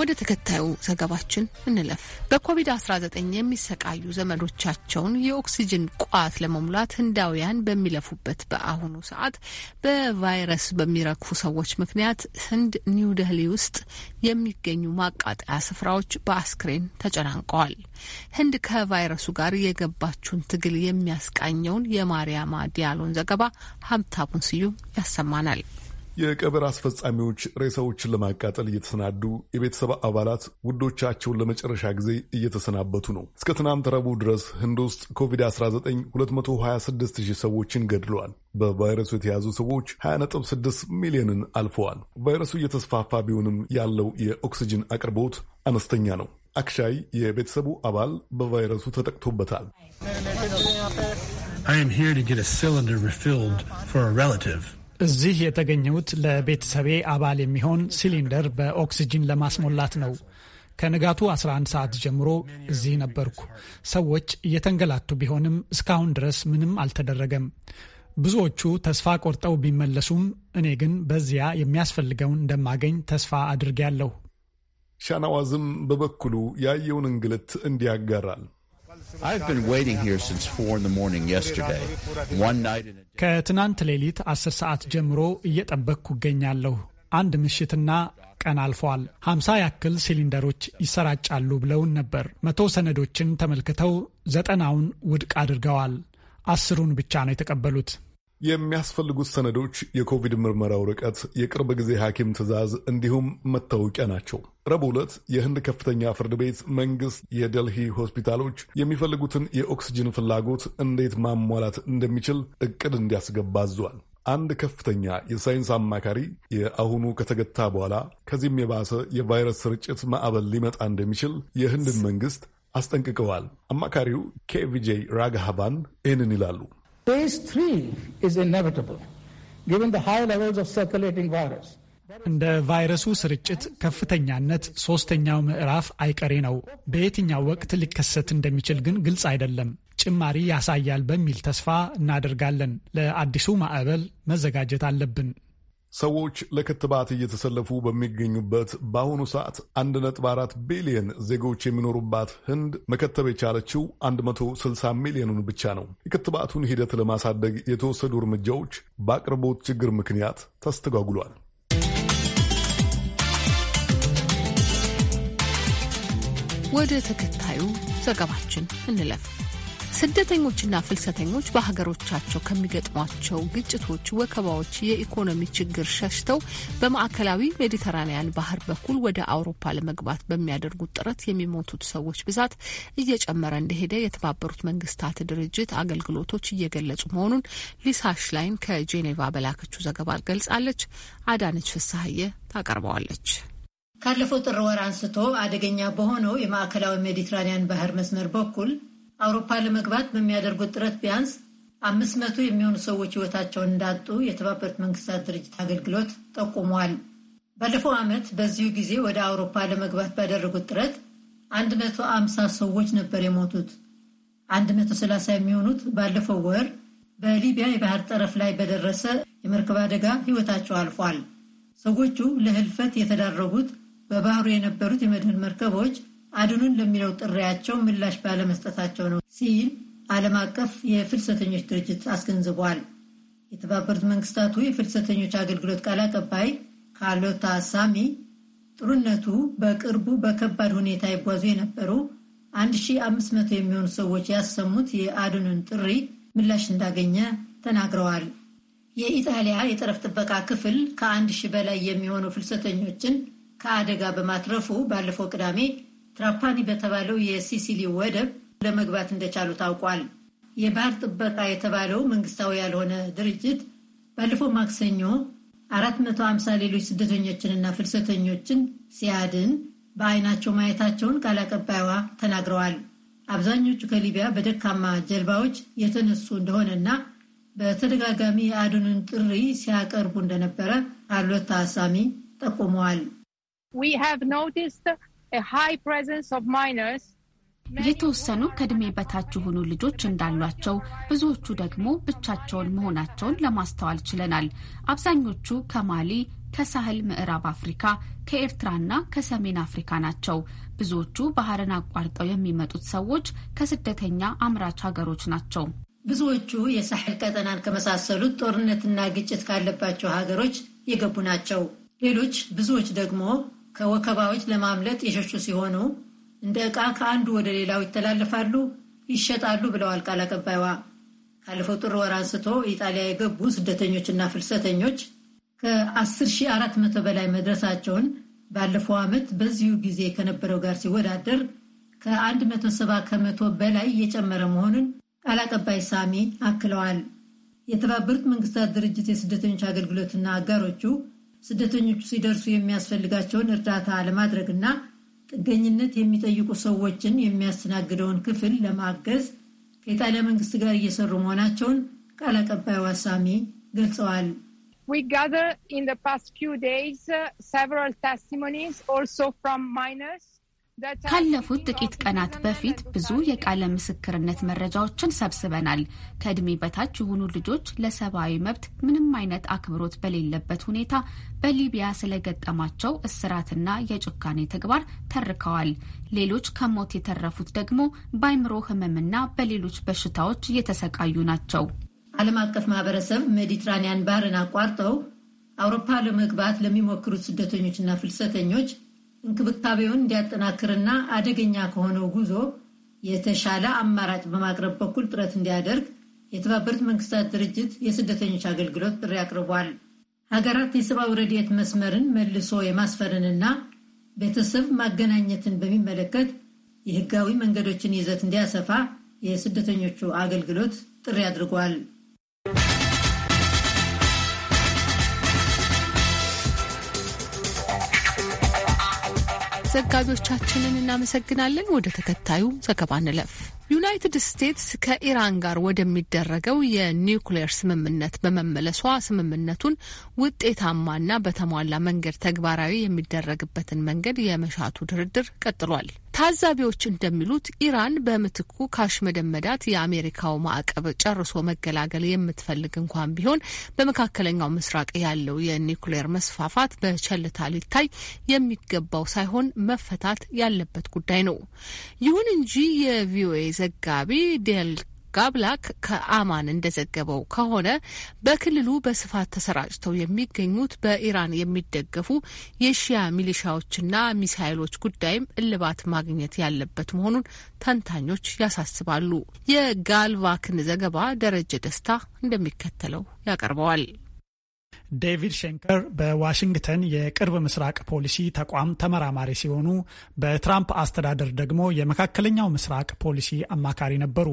ወደ ተከታዩ ዘገባችን እንለፍ። በኮቪድ-19 የሚሰቃዩ ዘመዶቻቸውን የኦክሲጅን ቋት ለመሙላት ህንዳውያን በሚለፉበት በአሁኑ ሰዓት በቫይረስ በሚረግፉ ሰዎች ምክንያት ህንድ ኒው ደህሊ ውስጥ የሚገኙ ማቃጠያ ስፍራዎች በአስክሬን ተጨናንቀዋል። ህንድ ከቫይረሱ ጋር የገባችውን ትግል የሚያስቃኘውን የማርያማ ዲያሎን ዘገባ ሀብታሙን ስዩም ያሰማናል። የቀብር አስፈጻሚዎች ሬሳዎችን ለማቃጠል እየተሰናዱ የቤተሰብ አባላት ውዶቻቸውን ለመጨረሻ ጊዜ እየተሰናበቱ ነው። እስከ ትናንት ረቡዕ ድረስ ህንድ ውስጥ ኮቪድ-19 226 ሺህ ሰዎችን ገድለዋል። በቫይረሱ የተያዙ ሰዎች 26 ሚሊዮንን አልፈዋል። ቫይረሱ እየተስፋፋ ቢሆንም ያለው የኦክሲጅን አቅርቦት አነስተኛ ነው። አክሻይ የቤተሰቡ አባል በቫይረሱ ተጠቅቶበታል። I am here to get a cylinder refilled for a relative. እዚህ የተገኘሁት ለቤተሰቤ አባል የሚሆን ሲሊንደር በኦክስጂን ለማስሞላት ነው። ከንጋቱ 11 ሰዓት ጀምሮ እዚህ ነበርኩ። ሰዎች እየተንገላቱ ቢሆንም እስካሁን ድረስ ምንም አልተደረገም። ብዙዎቹ ተስፋ ቆርጠው ቢመለሱም እኔ ግን በዚያ የሚያስፈልገውን እንደማገኝ ተስፋ አድርጌያለሁ። ሻናዋዝም በበኩሉ ያየውን እንግልት እንዲያጋራል። I've been waiting here since four in the morning yesterday. One night in a... ከትናንት ሌሊት አስር ሰዓት ጀምሮ እየጠበቅኩ እገኛለሁ። አንድ ምሽትና ቀን አልፏል። ሀምሳ ያክል ሲሊንደሮች ይሰራጫሉ ብለውን ነበር። መቶ ሰነዶችን ተመልክተው ዘጠናውን ውድቅ አድርገዋል። አስሩን ብቻ ነው የተቀበሉት። የሚያስፈልጉት ሰነዶች የኮቪድ ምርመራ ወረቀት፣ የቅርብ ጊዜ ሐኪም ትዕዛዝ እንዲሁም መታወቂያ ናቸው። ረቡዕ ዕለት የህንድ ከፍተኛ ፍርድ ቤት መንግሥት የደልሂ ሆስፒታሎች የሚፈልጉትን የኦክስጅን ፍላጎት እንዴት ማሟላት እንደሚችል እቅድ እንዲያስገባ አዟል። አንድ ከፍተኛ የሳይንስ አማካሪ የአሁኑ ከተገታ በኋላ ከዚህም የባሰ የቫይረስ ስርጭት ማዕበል ሊመጣ እንደሚችል የህንድን መንግሥት አስጠንቅቀዋል። አማካሪው ኬቪጄ ራግሃቫን ይህንን ይላሉ። እንደ ቫይረሱ ስርጭት ከፍተኛነት ሶስተኛው ምዕራፍ አይቀሬ ነው። በየትኛው ወቅት ሊከሰት እንደሚችል ግን ግልጽ አይደለም። ጭማሪ ያሳያል በሚል ተስፋ እናደርጋለን። ለአዲሱ ማዕበል መዘጋጀት አለብን። ሰዎች ለክትባት እየተሰለፉ በሚገኙበት በአሁኑ ሰዓት 1.4 ቢሊዮን ዜጎች የሚኖሩባት ህንድ መከተብ የቻለችው 160 ሚሊዮኑን ብቻ ነው። የክትባቱን ሂደት ለማሳደግ የተወሰዱ እርምጃዎች በአቅርቦት ችግር ምክንያት ተስተጓጉሏል። ወደ ተከታዩ ዘገባችን እንለፍ። ስደተኞችና ፍልሰተኞች በሀገሮቻቸው ከሚገጥሟቸው ግጭቶች፣ ወከባዎች፣ የኢኮኖሚ ችግር ሸሽተው በማዕከላዊ ሜዲተራንያን ባህር በኩል ወደ አውሮፓ ለመግባት በሚያደርጉት ጥረት የሚሞቱት ሰዎች ብዛት እየጨመረ እንደሄደ የተባበሩት መንግስታት ድርጅት አገልግሎቶች እየገለጹ መሆኑን ሊሳ ሽላይን ከጄኔቫ በላከችው ዘገባ ገልጻለች። አዳነች ፍሳሀየ ታቀርበዋለች። ካለፈው ጥር ወር አንስቶ አደገኛ በሆነው የማዕከላዊ ሜዲትራኒያን ባህር መስመር በኩል አውሮፓ ለመግባት በሚያደርጉት ጥረት ቢያንስ አምስት መቶ የሚሆኑ ሰዎች ሕይወታቸውን እንዳጡ የተባበሩት መንግስታት ድርጅት አገልግሎት ጠቁሟል። ባለፈው ዓመት በዚሁ ጊዜ ወደ አውሮፓ ለመግባት ባደረጉት ጥረት 1መቶ አምሳ ሰዎች ነበር የሞቱት። ሰላሳ የሚሆኑት ባለፈው ወር በሊቢያ የባህር ጠረፍ ላይ በደረሰ የመርከብ አደጋ ሕይወታቸው አልፏል። ሰዎቹ ለህልፈት የተዳረጉት በባህሩ የነበሩት የመድህን መርከቦች አድኑን ለሚለው ጥሪያቸው ምላሽ ባለመስጠታቸው ነው ሲል ዓለም አቀፍ የፍልሰተኞች ድርጅት አስገንዝቧል። የተባበሩት መንግስታቱ የፍልሰተኞች አገልግሎት ቃል አቀባይ ካሎታ ሳሚ ጥሩነቱ በቅርቡ በከባድ ሁኔታ ይጓዙ የነበሩ 1500 የሚሆኑ ሰዎች ያሰሙት የአድኑን ጥሪ ምላሽ እንዳገኘ ተናግረዋል። የኢጣሊያ የጠረፍ ጥበቃ ክፍል ከአንድ ሺህ በላይ የሚሆኑ ፍልሰተኞችን ከአደጋ በማትረፉ ባለፈው ቅዳሜ ትራፓኒ በተባለው የሲሲሊ ወደብ ለመግባት እንደቻሉ ታውቋል። የባህር ጥበቃ የተባለው መንግስታዊ ያልሆነ ድርጅት ባለፈው ማክሰኞ 450 ሌሎች ስደተኞችንና ፍልሰተኞችን ሲያድን በአይናቸው ማየታቸውን ቃል አቀባይዋ ተናግረዋል። አብዛኞቹ ከሊቢያ በደካማ ጀልባዎች የተነሱ እንደሆነና በተደጋጋሚ የአድኑን ጥሪ ሲያቀርቡ እንደነበረ ካርሎታ አሳሚ ጠቁመዋል። የተወሰኑ ከእድሜ በታች የሆኑ ልጆች እንዳሏቸው ብዙዎቹ ደግሞ ብቻቸውን መሆናቸውን ለማስተዋል ችለናል። አብዛኞቹ ከማሊ፣ ከሳህል ምዕራብ አፍሪካ፣ ከኤርትራና ከሰሜን አፍሪካ ናቸው። ብዙዎቹ ባህርን አቋርጠው የሚመጡት ሰዎች ከስደተኛ አምራች ሀገሮች ናቸው። ብዙዎቹ የሳህል ቀጠናን ከመሳሰሉት ጦርነትና ግጭት ካለባቸው ሀገሮች የገቡ ናቸው። ሌሎች ብዙዎች ደግሞ ከወከባዎች ለማምለጥ የሸሹ ሲሆኑ እንደ ዕቃ ከአንዱ ወደ ሌላው ይተላለፋሉ፣ ይሸጣሉ ብለዋል ቃል አቀባይዋ። ካለፈው ጥር ወር አንስቶ ኢጣሊያ የገቡ ስደተኞችና ፍልሰተኞች ከ10,400 በላይ መድረሳቸውን ባለፈው ዓመት በዚሁ ጊዜ ከነበረው ጋር ሲወዳደር ከ170 ከመቶ በላይ የጨመረ መሆኑን ቃል አቀባይ ሳሚ አክለዋል። የተባበሩት መንግስታት ድርጅት የስደተኞች አገልግሎትና አጋሮቹ ስደተኞቹ ሲደርሱ የሚያስፈልጋቸውን እርዳታ ለማድረግና ጥገኝነት የሚጠይቁ ሰዎችን የሚያስተናግደውን ክፍል ለማገዝ ከኢጣሊያ መንግስት ጋር እየሰሩ መሆናቸውን ቃል አቀባዩ አሳሚ ገልጸዋል። We ካለፉት ጥቂት ቀናት በፊት ብዙ የቃለ ምስክርነት መረጃዎችን ሰብስበናል። ከእድሜ በታች የሆኑ ልጆች ለሰብአዊ መብት ምንም አይነት አክብሮት በሌለበት ሁኔታ በሊቢያ ስለገጠማቸው እስራትና የጭካኔ ተግባር ተርከዋል። ሌሎች ከሞት የተረፉት ደግሞ በአይምሮ ሕመምና በሌሎች በሽታዎች እየተሰቃዩ ናቸው። ዓለም አቀፍ ማህበረሰብ ሜዲትራኒያን ባህርን አቋርጠው አውሮፓ ለመግባት ለሚሞክሩት ስደተኞችና ፍልሰተኞች እንክብካቤውን እንዲያጠናክርና አደገኛ ከሆነው ጉዞ የተሻለ አማራጭ በማቅረብ በኩል ጥረት እንዲያደርግ የተባበሩት መንግስታት ድርጅት የስደተኞች አገልግሎት ጥሪ አቅርቧል። ሀገራት የሰብአዊ ረድኤት መስመርን መልሶ የማስፈርንና ቤተሰብ ማገናኘትን በሚመለከት የህጋዊ መንገዶችን ይዘት እንዲያሰፋ የስደተኞቹ አገልግሎት ጥሪ አድርጓል። ዘጋቢዎቻችንን እናመሰግናለን። ወደ ተከታዩ ዘገባ እንለፍ። ዩናይትድ ስቴትስ ከኢራን ጋር ወደሚደረገው የኒውክሌር ስምምነት በመመለሷ ስምምነቱን ውጤታማና በተሟላ መንገድ ተግባራዊ የሚደረግበትን መንገድ የመሻቱ ድርድር ቀጥሏል። ታዛቢዎች እንደሚሉት ኢራን በምትኩ ካሽ መደመዳት የአሜሪካው ማዕቀብ ጨርሶ መገላገል የምትፈልግ እንኳን ቢሆን በመካከለኛው ምስራቅ ያለው የኒውክሌር መስፋፋት በቸልታ ሊታይ የሚገባው ሳይሆን መፈታት ያለበት ጉዳይ ነው። ይሁን እንጂ የቪኦኤ ዘጋቢ ዴል ጋብላክ ከአማን እንደዘገበው ከሆነ በክልሉ በስፋት ተሰራጭተው የሚገኙት በኢራን የሚደገፉ የሺያ ሚሊሻዎችና ሚሳይሎች ጉዳይም እልባት ማግኘት ያለበት መሆኑን ተንታኞች ያሳስባሉ። የጋልቫክን ዘገባ ደረጀ ደስታ እንደሚከተለው ያቀርበዋል። ዴቪድ ሼንከር በዋሽንግተን የቅርብ ምስራቅ ፖሊሲ ተቋም ተመራማሪ ሲሆኑ በትራምፕ አስተዳደር ደግሞ የመካከለኛው ምስራቅ ፖሊሲ አማካሪ ነበሩ።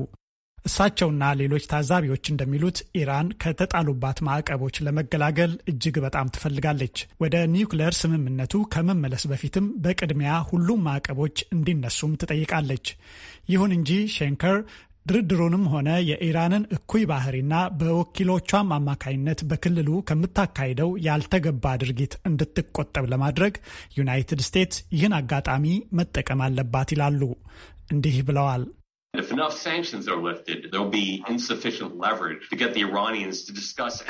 እሳቸውና ሌሎች ታዛቢዎች እንደሚሉት ኢራን ከተጣሉባት ማዕቀቦች ለመገላገል እጅግ በጣም ትፈልጋለች። ወደ ኒውክሌር ስምምነቱ ከመመለስ በፊትም በቅድሚያ ሁሉም ማዕቀቦች እንዲነሱም ትጠይቃለች። ይሁን እንጂ ሼንከር ድርድሩንም ሆነ የኢራንን እኩይ ባህሪና በወኪሎቿም አማካይነት በክልሉ ከምታካሂደው ያልተገባ ድርጊት እንድትቆጠብ ለማድረግ ዩናይትድ ስቴትስ ይህን አጋጣሚ መጠቀም አለባት ይላሉ። እንዲህ ብለዋል።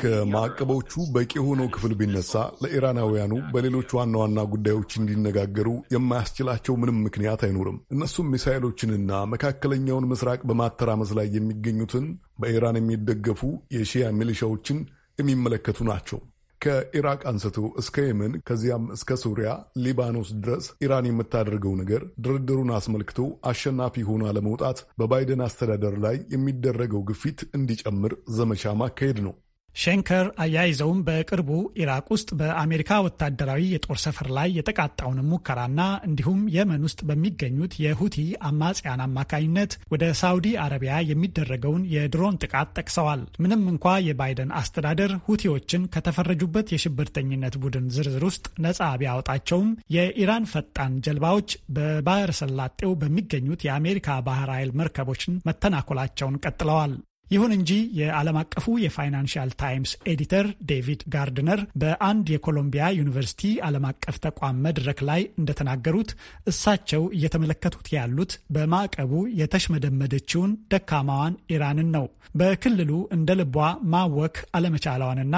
ከማዕቀቦቹ በቂ የሆነው ክፍል ቢነሳ ለኢራናውያኑ በሌሎች ዋና ዋና ጉዳዮች እንዲነጋገሩ የማያስችላቸው ምንም ምክንያት አይኖርም። እነሱም ሚሳይሎችንና መካከለኛውን ምስራቅ በማተራመስ ላይ የሚገኙትን በኢራን የሚደገፉ የሺያ ሚሊሻዎችን የሚመለከቱ ናቸው። ከኢራቅ አንስቶ እስከ የመን ከዚያም እስከ ሱሪያ፣ ሊባኖስ ድረስ ኢራን የምታደርገው ነገር ድርድሩን አስመልክቶ አሸናፊ ሆና ለመውጣት በባይደን አስተዳደር ላይ የሚደረገው ግፊት እንዲጨምር ዘመቻ ማካሄድ ነው። ሼንከር አያይዘውም በቅርቡ ኢራቅ ውስጥ በአሜሪካ ወታደራዊ የጦር ሰፈር ላይ የተቃጣውን ሙከራና እንዲሁም የመን ውስጥ በሚገኙት የሁቲ አማጽያን አማካኝነት ወደ ሳውዲ አረቢያ የሚደረገውን የድሮን ጥቃት ጠቅሰዋል። ምንም እንኳ የባይደን አስተዳደር ሁቲዎችን ከተፈረጁበት የሽብርተኝነት ቡድን ዝርዝር ውስጥ ነፃ ቢያወጣቸውም የኢራን ፈጣን ጀልባዎች በባህረ ሰላጤው በሚገኙት የአሜሪካ ባህር ኃይል መርከቦችን መተናኮላቸውን ቀጥለዋል። ይሁን እንጂ የዓለም አቀፉ የፋይናንሻል ታይምስ ኤዲተር ዴቪድ ጋርድነር በአንድ የኮሎምቢያ ዩኒቨርሲቲ ዓለም አቀፍ ተቋም መድረክ ላይ እንደተናገሩት እሳቸው እየተመለከቱት ያሉት በማዕቀቡ የተሽመደመደችውን ደካማዋን ኢራንን ነው። በክልሉ እንደ ልቧ ማወክ አለመቻለዋንና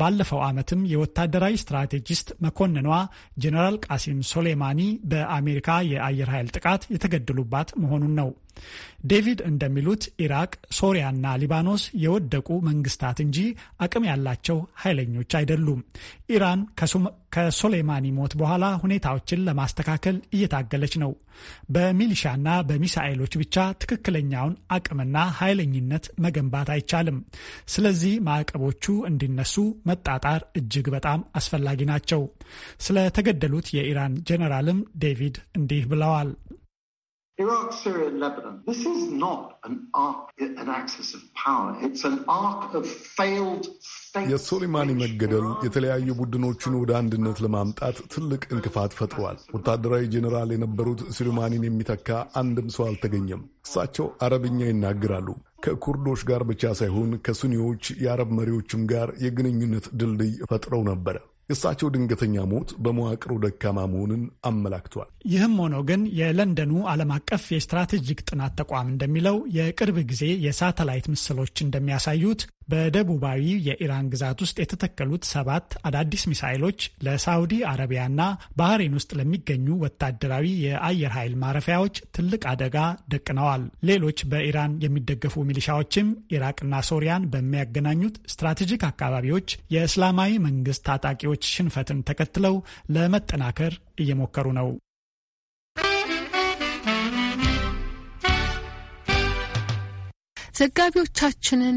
ባለፈው ዓመትም የወታደራዊ ስትራቴጂስት መኮንኗ ጀኔራል ቃሲም ሶሌማኒ በአሜሪካ የአየር ኃይል ጥቃት የተገደሉባት መሆኑን ነው። ዴቪድ እንደሚሉት ኢራቅ፣ ሶሪያና ሊባኖስ የወደቁ መንግስታት እንጂ አቅም ያላቸው ኃይለኞች አይደሉም። ኢራን ከሶሌማኒ ሞት በኋላ ሁኔታዎችን ለማስተካከል እየታገለች ነው። በሚሊሻና በሚሳኤሎች ብቻ ትክክለኛውን አቅምና ኃይለኝነት መገንባት አይቻልም። ስለዚህ ማዕቀቦቹ እንዲነሱ መጣጣር እጅግ በጣም አስፈላጊ ናቸው። ስለተገደሉት የኢራን ጄኔራልም ዴቪድ እንዲህ ብለዋል። Iraq, Syria, Lebanon. This is not an arc, an axis of power. It's an arc of failed states. የሱሌማኒ መገደል የተለያዩ ቡድኖችን ወደ አንድነት ለማምጣት ትልቅ እንቅፋት ፈጥሯል። ወታደራዊ ጄኔራል የነበሩት ሱሌማኒን የሚተካ አንድም ሰው አልተገኘም። እሳቸው አረብኛ ይናገራሉ። ከኩርዶች ጋር ብቻ ሳይሆን ከሱኒዎች የአረብ መሪዎችም ጋር የግንኙነት ድልድይ ፈጥረው ነበረ። የእሳቸው ድንገተኛ ሞት በመዋቅሩ ደካማ መሆንን አመላክቷል። ይህም ሆኖ ግን የለንደኑ ዓለም አቀፍ የስትራቴጂክ ጥናት ተቋም እንደሚለው የቅርብ ጊዜ የሳተላይት ምስሎች እንደሚያሳዩት በደቡባዊ የኢራን ግዛት ውስጥ የተተከሉት ሰባት አዳዲስ ሚሳይሎች ለሳውዲ አረቢያና ባህሬን ውስጥ ለሚገኙ ወታደራዊ የአየር ኃይል ማረፊያዎች ትልቅ አደጋ ደቅነዋል። ሌሎች በኢራን የሚደገፉ ሚሊሻዎችም ኢራቅና ሶሪያን በሚያገናኙት ስትራቴጂክ አካባቢዎች የእስላማዊ መንግስት ታጣቂዎች ኃይሎች ሽንፈትን ተከትለው ለመጠናከር እየሞከሩ ነው። ዘጋቢዎቻችንን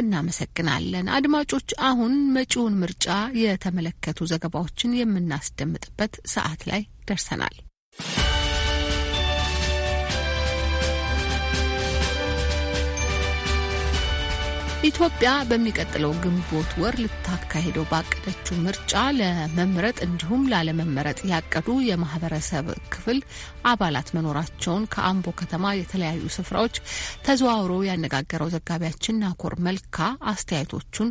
እናመሰግናለን። አድማጮች፣ አሁን መጪውን ምርጫ የተመለከቱ ዘገባዎችን የምናስደምጥበት ሰዓት ላይ ደርሰናል። ኢትዮጵያ በሚቀጥለው ግንቦት ወር ልታካሄደው ባቀደችው ምርጫ ለመምረጥ እንዲሁም ላለመመረጥ ያቀዱ የማህበረሰብ ክፍል አባላት መኖራቸውን ከአምቦ ከተማ የተለያዩ ስፍራዎች ተዘዋውሮ ያነጋገረው ዘጋቢያችን ናኮር መልካ አስተያየቶቹን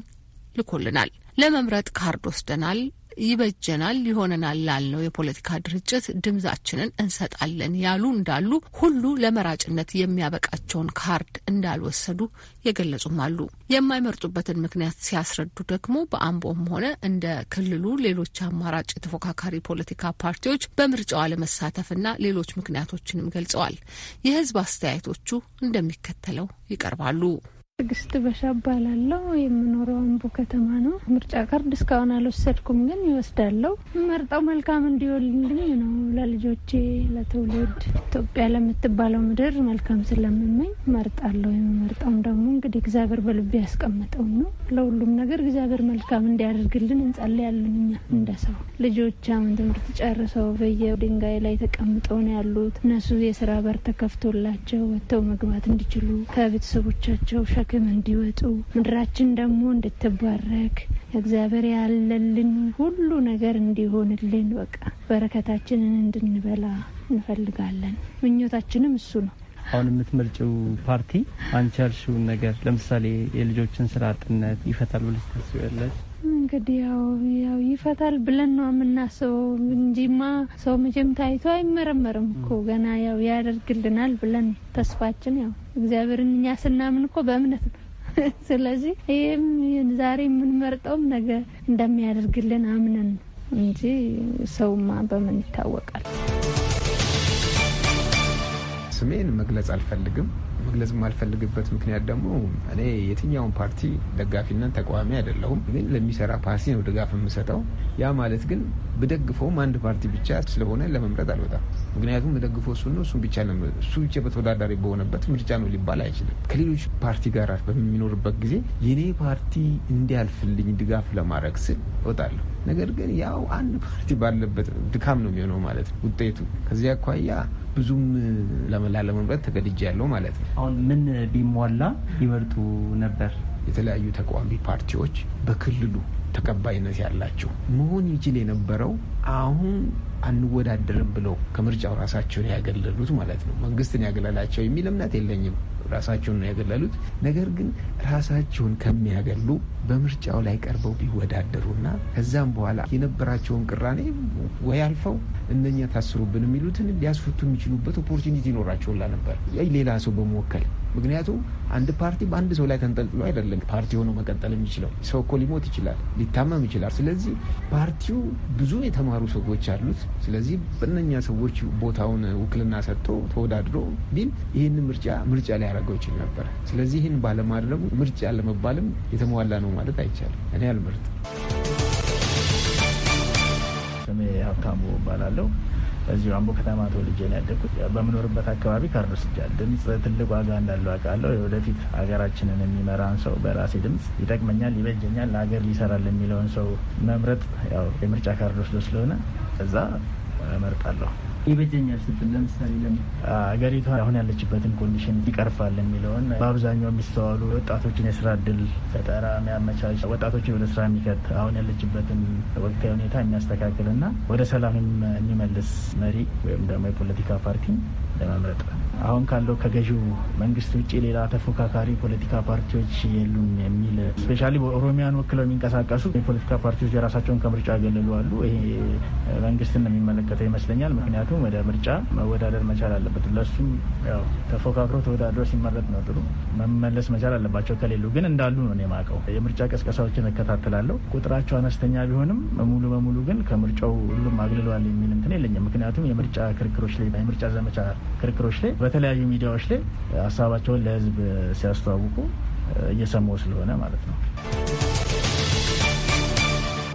ልኮልናል። ለመምረጥ ካርድ ወስደናል፣ ይበጀናል፣ ይሆነናል ላልነው የፖለቲካ ድርጅት ድምዛችንን እንሰጣለን ያሉ እንዳሉ ሁሉ ለመራጭነት የሚያበቃቸውን ካርድ እንዳልወሰዱ የገለጹም አሉ። የማይመርጡበትን ምክንያት ሲያስረዱ ደግሞ በአምቦም ሆነ እንደ ክልሉ ሌሎች አማራጭ የተፎካካሪ ፖለቲካ ፓርቲዎች በምርጫው አለመሳተፍና ሌሎች ምክንያቶችንም ገልጸዋል። የህዝብ አስተያየቶቹ እንደሚከተለው ይቀርባሉ። ትግስት በሻ እባላለሁ። የምኖረው አምቦ ከተማ ነው። ምርጫ ካርድ እስካሁን አልወሰድኩም፣ ግን ይወስዳለሁ። መርጠው መልካም እንዲሆንልኝ ነው። ለልጆቼ፣ ለትውልድ ኢትዮጵያ ለምትባለው ምድር መልካም ስለምመኝ መርጣለሁ። የምመርጠውም ደግሞ እንግዲህ እግዚአብሔር በልብ ያስቀመጠው ነው። ለሁሉም ነገር እግዚአብሔር መልካም እንዲያደርግልን እንጸልያለን። እኛ እንደ ሰው ልጆች አሁን ትምህርት ጨርሰው በየድንጋይ ላይ ተቀምጠው ነው ያሉት። እነሱ የስራ በር ተከፍቶላቸው ወጥተው መግባት እንዲችሉ ከቤተሰቦቻቸው ጥቅም እንዲወጡ ምድራችን ደግሞ እንድትባረክ እግዚአብሔር ያለልን ሁሉ ነገር እንዲሆንልን በቃ በረከታችንን እንድንበላ እንፈልጋለን። ምኞታችንም እሱ ነው። አሁን የምትመርጭው ፓርቲ አንቺ ያልሽውን ነገር ለምሳሌ የልጆችን ስራ አጥነት ይፈታል ብለሽ ታስቢያለሽ? እንግዲህ ያው ያው ይፈታል ብለን ነው የምናስበው እንጂማ ሰው መቼም ታይቶ አይመረመርም እኮ ገና ያው ያደርግልናል ብለን ተስፋችን ያው እግዚአብሔርን እኛ ስናምን እኮ በእምነት ነው። ስለዚህ ይህም ዛሬ የምንመርጠውም ነገ እንደሚያደርግልን አምነን እንጂ ሰውማ በምን ይታወቃል? ስሜን መግለጽ አልፈልግም። መግለጽ የማልፈልግበት ምክንያት ደግሞ እኔ የትኛውን ፓርቲ ደጋፊና ተቃዋሚ አይደለሁም፣ ግን ለሚሰራ ፓርቲ ነው ድጋፍ የምሰጠው። ያ ማለት ግን ብደግፈውም አንድ ፓርቲ ብቻ ስለሆነ ለመምረጥ አልወጣም። ምክንያቱም ብደግፈው እሱ ነው እሱን ብቻ እሱ ብቻ በተወዳዳሪ በሆነበት ምርጫ ነው ሊባል አይችልም። ከሌሎች ፓርቲ ጋር በሚኖርበት ጊዜ የኔ ፓርቲ እንዲያልፍልኝ ድጋፍ ለማድረግ ስል እወጣለሁ። ነገር ግን ያው አንድ ፓርቲ ባለበት ድካም ነው የሚሆነው ማለት ነው ውጤቱ። ከዚያ አኳያ ብዙም ለመላ ለመምረጥ ያለው ማለት ነው። አሁን ምን ቢሟላ ይመርጡ ነበር? የተለያዩ ተቃዋሚ ፓርቲዎች በክልሉ ተቀባይነት ያላቸው መሆን ይችል የነበረው አሁን አንወዳደርም ብለው ከምርጫው ራሳቸውን ያገለሉት ማለት ነው። መንግስትን ያገለላቸው የሚል እምነት የለኝም። ራሳቸውን ያገለሉት ነገር ግን ራሳቸውን ከሚያገሉ በምርጫው ላይ ቀርበው ቢወዳደሩና ከዛም በኋላ የነበራቸውን ቅራኔ ወይ አልፈው እነኛ ታስሩብን የሚሉትን ሊያስፈቱ የሚችሉበት ኦፖርቹኒቲ ይኖራቸውላ ነበር ሌላ ሰው በመወከል ምክንያቱም አንድ ፓርቲ በአንድ ሰው ላይ ተንጠልጥሎ አይደለም ፓርቲ ሆኖ መቀጠል የሚችለው። ሰው እኮ ሊሞት ይችላል፣ ሊታመም ይችላል። ስለዚህ ፓርቲው ብዙ የተማሩ ሰዎች አሉት። ስለዚህ በእነኛ ሰዎች ቦታውን ውክልና ሰጥቶ ተወዳድሮ ቢል ይህን ምርጫ ምርጫ ሊያደርገው ይችል ነበር። ስለዚህ ይህን ባለማድረጉ ምርጫ ለመባልም የተሟላ ነው ማለት አይቻልም። እኔ አልመርጥም። ስሜ ሀብታሙ እባላለሁ። እዚሁ አምቦ ከተማ ተወልጄ ነው ያደግኩት። በምኖርበት አካባቢ ካርድ ወስጃለሁ። ድምፅ ትልቅ ዋጋ እንዳለው አውቃለሁ። ወደፊት ሀገራችንን የሚመራን ሰው በራሴ ድምፅ ይጠቅመኛል፣ ይበጀኛል፣ ለሀገር ሊሰራል የሚለውን ሰው መምረጥ ያው የምርጫ ካርድ ወስዶ ስለሆነ እዛ እመርጣለሁ። ይበጀኛል ስትል ለምሳሌ ለምን አገሪቷ አሁን ያለችበትን ኮንዲሽን ይቀርፋል የሚለውን በአብዛኛው የሚስተዋሉ ወጣቶችን የስራ እድል ፈጠራ የሚያመቻች ወጣቶችን ወደ ስራ የሚከት አሁን ያለችበትን ወቅታዊ ሁኔታ የሚያስተካክልና ወደ ሰላም የሚመልስ መሪ ወይም ደግሞ የፖለቲካ ፓርቲ ለመምረጥ አሁን ካለው ከገዢው መንግስት ውጭ ሌላ ተፎካካሪ ፖለቲካ ፓርቲዎች የሉም የሚል ስፔሻሊ በኦሮሚያን ወክለው የሚንቀሳቀሱ የፖለቲካ ፓርቲዎች የራሳቸውን ከምርጫ ያገለሉ አሉ። ይሄ መንግስትን የሚመለከተው ይመስለኛል። ምክንያቱም ወደ ምርጫ መወዳደር መቻል አለበት። ለሱም ያው ተፎካክረው ተወዳድረው ሲመረጥ ነው ጥሩ መመለስ መቻል አለባቸው። ከሌሉ ግን እንዳሉ ነው እኔ የምርጫ ቀስቀሳዎችን እከታተላለሁ። ቁጥራቸው አነስተኛ ቢሆንም ሙሉ በሙሉ ግን ከምርጫው ሁሉም አግልለዋል የሚል እንትን የለኝም። ምክንያቱም የምርጫ ክርክሮች ላይ የምርጫ ዘመቻ ክርክሮች ላይ በተለያዩ ሚዲያዎች ላይ ሀሳባቸውን ለህዝብ ሲያስተዋውቁ እየሰማው ስለሆነ ማለት ነው።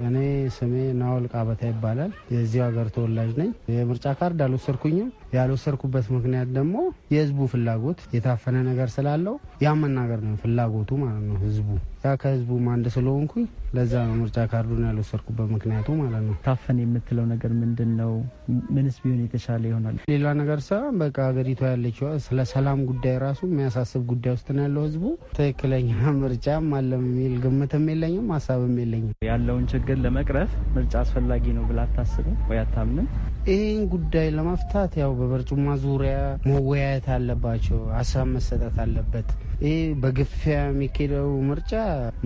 እኔ ስሜ ናወል ቃበታ ይባላል። የዚሁ ሀገር ተወላጅ ነኝ። የምርጫ ካርድ አልወሰድኩኝም። ያልወሰድኩበት ምክንያት ደግሞ የህዝቡ ፍላጎት የታፈነ ነገር ስላለው ያ መናገር ነው ፍላጎቱ ማለት ነው ህዝቡ ያ ከህዝቡ አንድ ስለሆንኩኝ ለዛ ነው ምርጫ ካርዱን ያልወሰድኩበት ምክንያቱ ማለት ነው። ታፈን የምትለው ነገር ምንድን ነው? ምንስ ቢሆን የተሻለ ይሆናል? ሌላ ነገር ሳይሆን በቃ ሀገሪቷ ያለችው ስለ ሰላም ጉዳይ ራሱ የሚያሳስብ ጉዳይ ውስጥ ነው ያለው ህዝቡ። ትክክለኛ ምርጫም አለም የሚል ግምትም የለኝም ሀሳብም የለኝም። ያለውን ችግር ለመቅረፍ ምርጫ አስፈላጊ ነው ብላ አታስብም ወይ አታምንም? ይህን ጉዳይ ለመፍታት ያው በበርጩማ ዙሪያ መወያየት አለባቸው። ሀሳብ መሰጠት አለበት። ይህ በግፊያ የሚካሄደው ምርጫ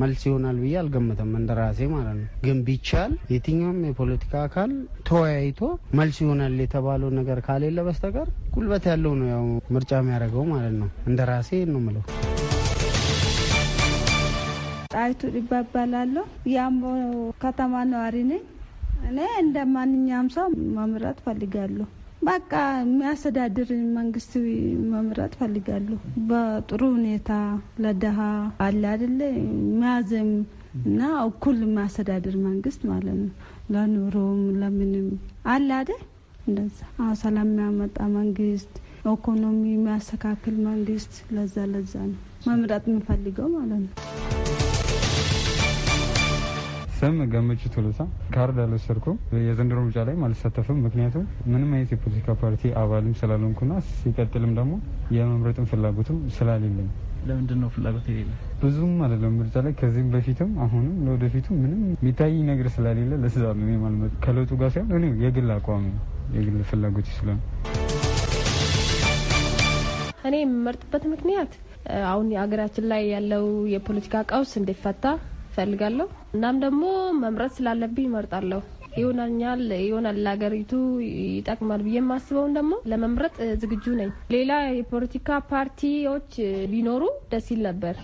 መልስ ይሆናል ብዬ አልገምትም፣ እንደራሴ ማለት ነው። ግን ቢቻል የትኛውም የፖለቲካ አካል ተወያይቶ መልስ ይሆናል የተባለው ነገር ካሌለ በስተቀር ጉልበት ያለው ነው ያው ምርጫ የሚያደርገው ማለት ነው። እንደራሴ ነው ምለው። ጣይቱ ዲባ እባላለሁ። የአምቦ ከተማ ነዋሪ ነኝ። እኔ እንደ ማንኛውም ሰው መምረጥ ፈልጋለሁ። በቃ የሚያስተዳድር መንግስት መምረጥ ፈልጋለሁ። በጥሩ ሁኔታ ለደሃ አለ አደለ የሚያዘም እና እኩል የሚያስተዳድር መንግስት ማለት ነው። ለኑሮም ለምንም አለ አደ እንደዛ ሰላም የሚያመጣ መንግስት፣ ኢኮኖሚ የሚያስተካክል መንግስት። ለዛ ለዛ ነው መምረጥ የምፈልገው ማለት ነው። ስም ገመቹ ቱሉሳ ካርድ አልወሰድኩም። የዘንድሮ ምርጫ ላይም አልሳተፍም። ምክንያቱም ምንም አይነት የፖለቲካ ፓርቲ አባልም ስላልሆንኩና ሲቀጥልም ደግሞ የመምረጥም ፍላጎትም ስላሌለኝ። ለምንድን ነው ፍላጎት የሌለ? ብዙም አይደለም ምርጫ ላይ ከዚህም በፊትም አሁንም ለወደፊቱ ምንም የሚታይ ነገር ስለሌለ ለስዛ ነው ከለውጡ ጋር ሲሆን እኔ የግል አቋም የግል ፍላጎት ይስላል። እኔ የምመርጥበት ምክንያት አሁን የሀገራችን ላይ ያለው የፖለቲካ ቀውስ እንዲፈታ ፈልጋለሁ እናም ደግሞ መምረጥ ስላለብኝ እመርጣለሁ። ይሆናኛል፣ ይሆናል፣ ለሀገሪቱ ይጠቅማል ብዬ የማስበውን ደግሞ ለመምረጥ ዝግጁ ነኝ። ሌላ የፖለቲካ ፓርቲዎች ቢኖሩ ደስ ይል ነበር።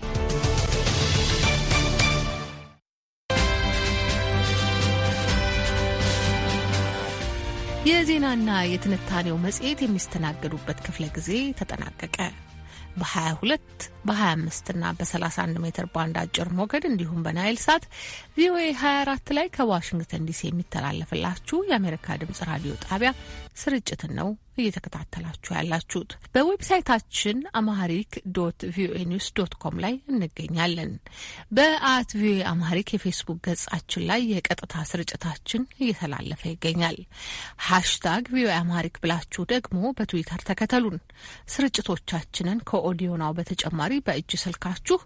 የዜናና የትንታኔው መጽሔት የሚስተናገዱበት ክፍለ ጊዜ ተጠናቀቀ። በ22 በ25 እና በ31 ሜትር ባንድ አጭር ሞገድ እንዲሁም በናይል ሳት ቪኦኤ 24 ላይ ከዋሽንግተን ዲሲ የሚተላለፍላችሁ የአሜሪካ ድምጽ ራዲዮ ጣቢያ ስርጭትን ነው እየተከታተላችሁ ያላችሁት። በዌብሳይታችን አማሪክ ዶት ቪኦኤ ኒውስ ዶት ኮም ላይ እንገኛለን። በአት ቪኦኤ አማሪክ የፌስቡክ ገጻችን ላይ የቀጥታ ስርጭታችን እየተላለፈ ይገኛል። ሃሽታግ ቪኦኤ አማሪክ ብላችሁ ደግሞ በትዊተር ተከተሉን። ስርጭቶቻችንን ከኦዲዮናው በተጨማሪ በእጅ ስልካችሁ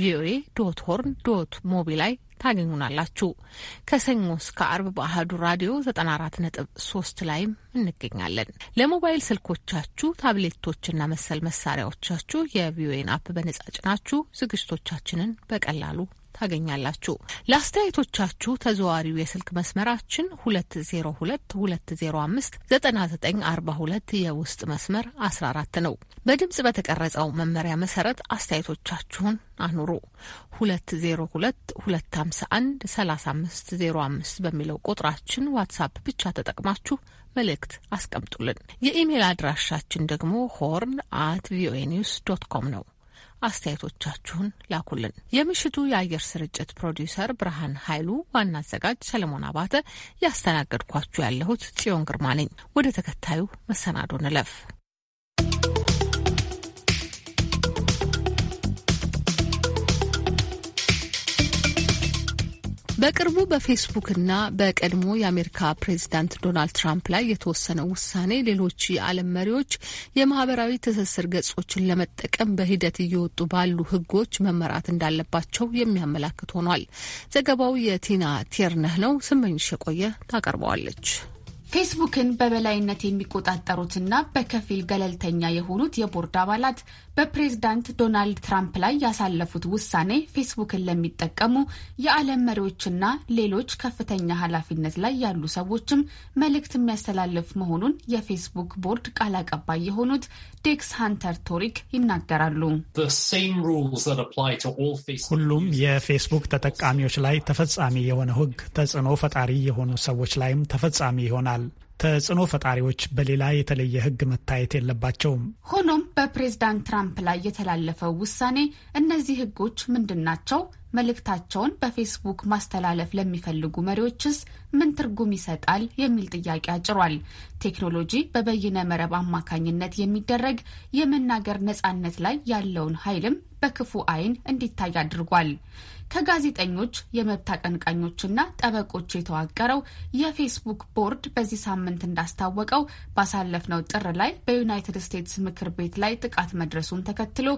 ቪኦኤ ዶት ሆርን ዶት ሞቢ ላይ ታገኙናላችሁ። ከሰኞ እስከ አርብ በአህዱ ራዲዮ 94.3 ላይም እንገኛለን። ለሞባይል ስልኮቻችሁ ታብሌቶችና መሰል መሳሪያዎቻችሁ የቪኦኤን አፕ በነጻ ጭናችሁ ዝግጅቶቻችንን በቀላሉ ታገኛላችሁ። ለአስተያየቶቻችሁ ተዘዋሪው የስልክ መስመራችን ሁለት የውስጥ መስመር 14 ነው። በድምጽ በተቀረጸው መመሪያ መሰረት አስተያየቶቻችሁን አኑሩ። 2022513505 በሚለው ቁጥራችን ዋትሳፕ ብቻ ተጠቅማችሁ መልእክት አስቀምጡልን። የኢሜል አድራሻችን ደግሞ ሆርን አት ቪኦኤ ኒውስ ዶት ኮም ነው። አስተያየቶቻችሁን ላኩልን። የምሽቱ የአየር ስርጭት ፕሮዲውሰር ብርሃን ኃይሉ፣ ዋና አዘጋጅ ሰለሞን አባተ፣ ያስተናገድኳችሁ ያለሁት ጽዮን ግርማ ነኝ። ወደ ተከታዩ መሰናዶ ንለፍ። በቅርቡ በፌስቡክ እና በቀድሞ የአሜሪካ ፕሬዚዳንት ዶናልድ ትራምፕ ላይ የተወሰነው ውሳኔ ሌሎች የዓለም መሪዎች የማህበራዊ ትስስር ገጾችን ለመጠቀም በሂደት እየወጡ ባሉ ሕጎች መመራት እንዳለባቸው የሚያመላክት ሆኗል። ዘገባው የቲና ቴርነህ ነው። ስመኝሽ የቆየ ታቀርበዋለች። ፌስቡክን በበላይነት የሚቆጣጠሩትና በከፊል ገለልተኛ የሆኑት የቦርድ አባላት በፕሬዝዳንት ዶናልድ ትራምፕ ላይ ያሳለፉት ውሳኔ ፌስቡክን ለሚጠቀሙ የዓለም መሪዎችና ሌሎች ከፍተኛ ኃላፊነት ላይ ያሉ ሰዎችም መልእክት የሚያስተላልፍ መሆኑን የፌስቡክ ቦርድ ቃል አቀባይ የሆኑት ዴክስ ሃንተር ቶሪክ ይናገራሉ። ሁሉም የፌስቡክ ተጠቃሚዎች ላይ ተፈጻሚ የሆነ ሕግ ተጽዕኖ ፈጣሪ የሆኑ ሰዎች ላይም ተፈጻሚ ይሆናል። ተጽዕኖ ፈጣሪዎች በሌላ የተለየ ሕግ መታየት የለባቸውም። ሆኖም በፕሬዝዳንት ትራምፕ ላይ የተላለፈው ውሳኔ እነዚህ ሕጎች ምንድን ናቸው? መልእክታቸውን በፌስቡክ ማስተላለፍ ለሚፈልጉ መሪዎችስ ምን ትርጉም ይሰጣል የሚል ጥያቄ አጭሯል። ቴክኖሎጂ በበይነ መረብ አማካኝነት የሚደረግ የመናገር ነጻነት ላይ ያለውን ኃይልም በክፉ አይን እንዲታይ አድርጓል። ከጋዜጠኞች የመብት አቀንቃኞችና ጠበቆች የተዋቀረው የፌስቡክ ቦርድ በዚህ ሳምንት እንዳስታወቀው ባሳለፍነው ጥር ላይ በዩናይትድ ስቴትስ ምክር ቤት ላይ ጥቃት መድረሱን ተከትሎ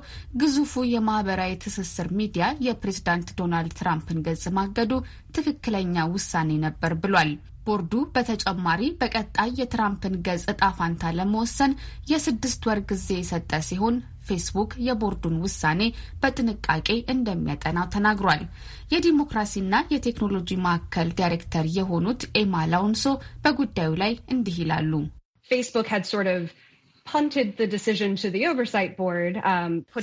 ግዙፉ የማህበራዊ ትስስር ሚዲያ የፕሬዝዳንት ዶናልድ ትራምፕን ገጽ ማገዱ ትክክለኛ ውሳኔ ነበር ብሏል። ቦርዱ በተጨማሪ በቀጣይ የትራምፕን ገጽ ፋንታ ለመወሰን የስድስት ወር ጊዜ የሰጠ ሲሆን ፌስቡክ የቦርዱን ውሳኔ በጥንቃቄ እንደሚያጠናው ተናግሯል። የዲሞክራሲና የቴክኖሎጂ ማዕከል ዳይሬክተር የሆኑት ኤማ ላውንሶ በጉዳዩ ላይ እንዲህ ይላሉ።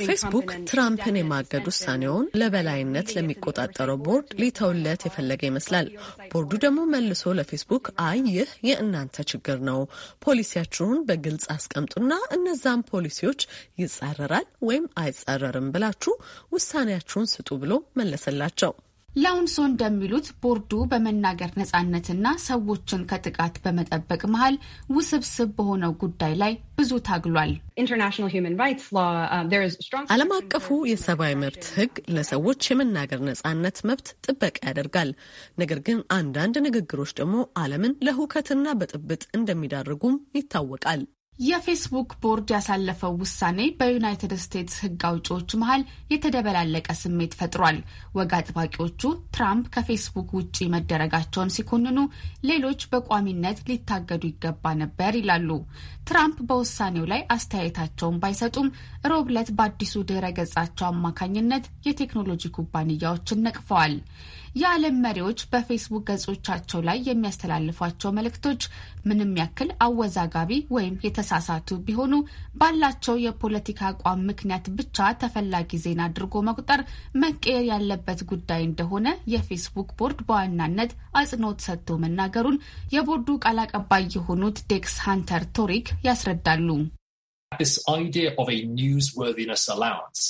ፌስቡክ ትራምፕን የማገድ ውሳኔውን ለበላይነት ለሚቆጣጠረው ቦርድ ሊተውለት የፈለገ ይመስላል። ቦርዱ ደግሞ መልሶ ለፌስቡክ አይ ይህ የእናንተ ችግር ነው፣ ፖሊሲያችሁን በግልጽ አስቀምጡና እነዛም ፖሊሲዎች ይጻረራል ወይም አይጻረርም ብላችሁ ውሳኔያችሁን ስጡ ብሎ መለሰላቸው። ላውንሶ እንደሚሉት ቦርዱ በመናገር ነጻነትና ሰዎችን ከጥቃት በመጠበቅ መሀል ውስብስብ በሆነው ጉዳይ ላይ ብዙ ታግሏል። uh, ዓለም አቀፉ የሰብአዊ መብት ሕግ ለሰዎች የመናገር ነጻነት መብት ጥበቃ ያደርጋል። ነገር ግን አንዳንድ ንግግሮች ደግሞ ዓለምን ለሁከትና በጥብጥ እንደሚዳርጉም ይታወቃል። የፌስቡክ ቦርድ ያሳለፈው ውሳኔ በዩናይትድ ስቴትስ ሕግ አውጪዎች መሀል የተደበላለቀ ስሜት ፈጥሯል። ወግ አጥባቂዎቹ ትራምፕ ከፌስቡክ ውጪ መደረጋቸውን ሲኮንኑ፣ ሌሎች በቋሚነት ሊታገዱ ይገባ ነበር ይላሉ። ትራምፕ በውሳኔው ላይ አስተያየታቸውን ባይሰጡም ሮብለት በአዲሱ ድረ ገጻቸው አማካኝነት የቴክኖሎጂ ኩባንያዎችን ነቅፈዋል። የዓለም መሪዎች በፌስቡክ ገጾቻቸው ላይ የሚያስተላልፏቸው መልእክቶች ምንም ያክል አወዛጋቢ ወይም የተሳሳቱ ቢሆኑ ባላቸው የፖለቲካ አቋም ምክንያት ብቻ ተፈላጊ ዜና አድርጎ መቁጠር መቀየር ያለበት ጉዳይ እንደሆነ የፌስቡክ ቦርድ በዋናነት አጽንኦት ሰጥቶ መናገሩን የቦርዱ ቃል አቀባይ የሆኑት ዴክስ ሃንተር ቶሪክ ያስረዳሉ። this idea of a newsworthiness allowance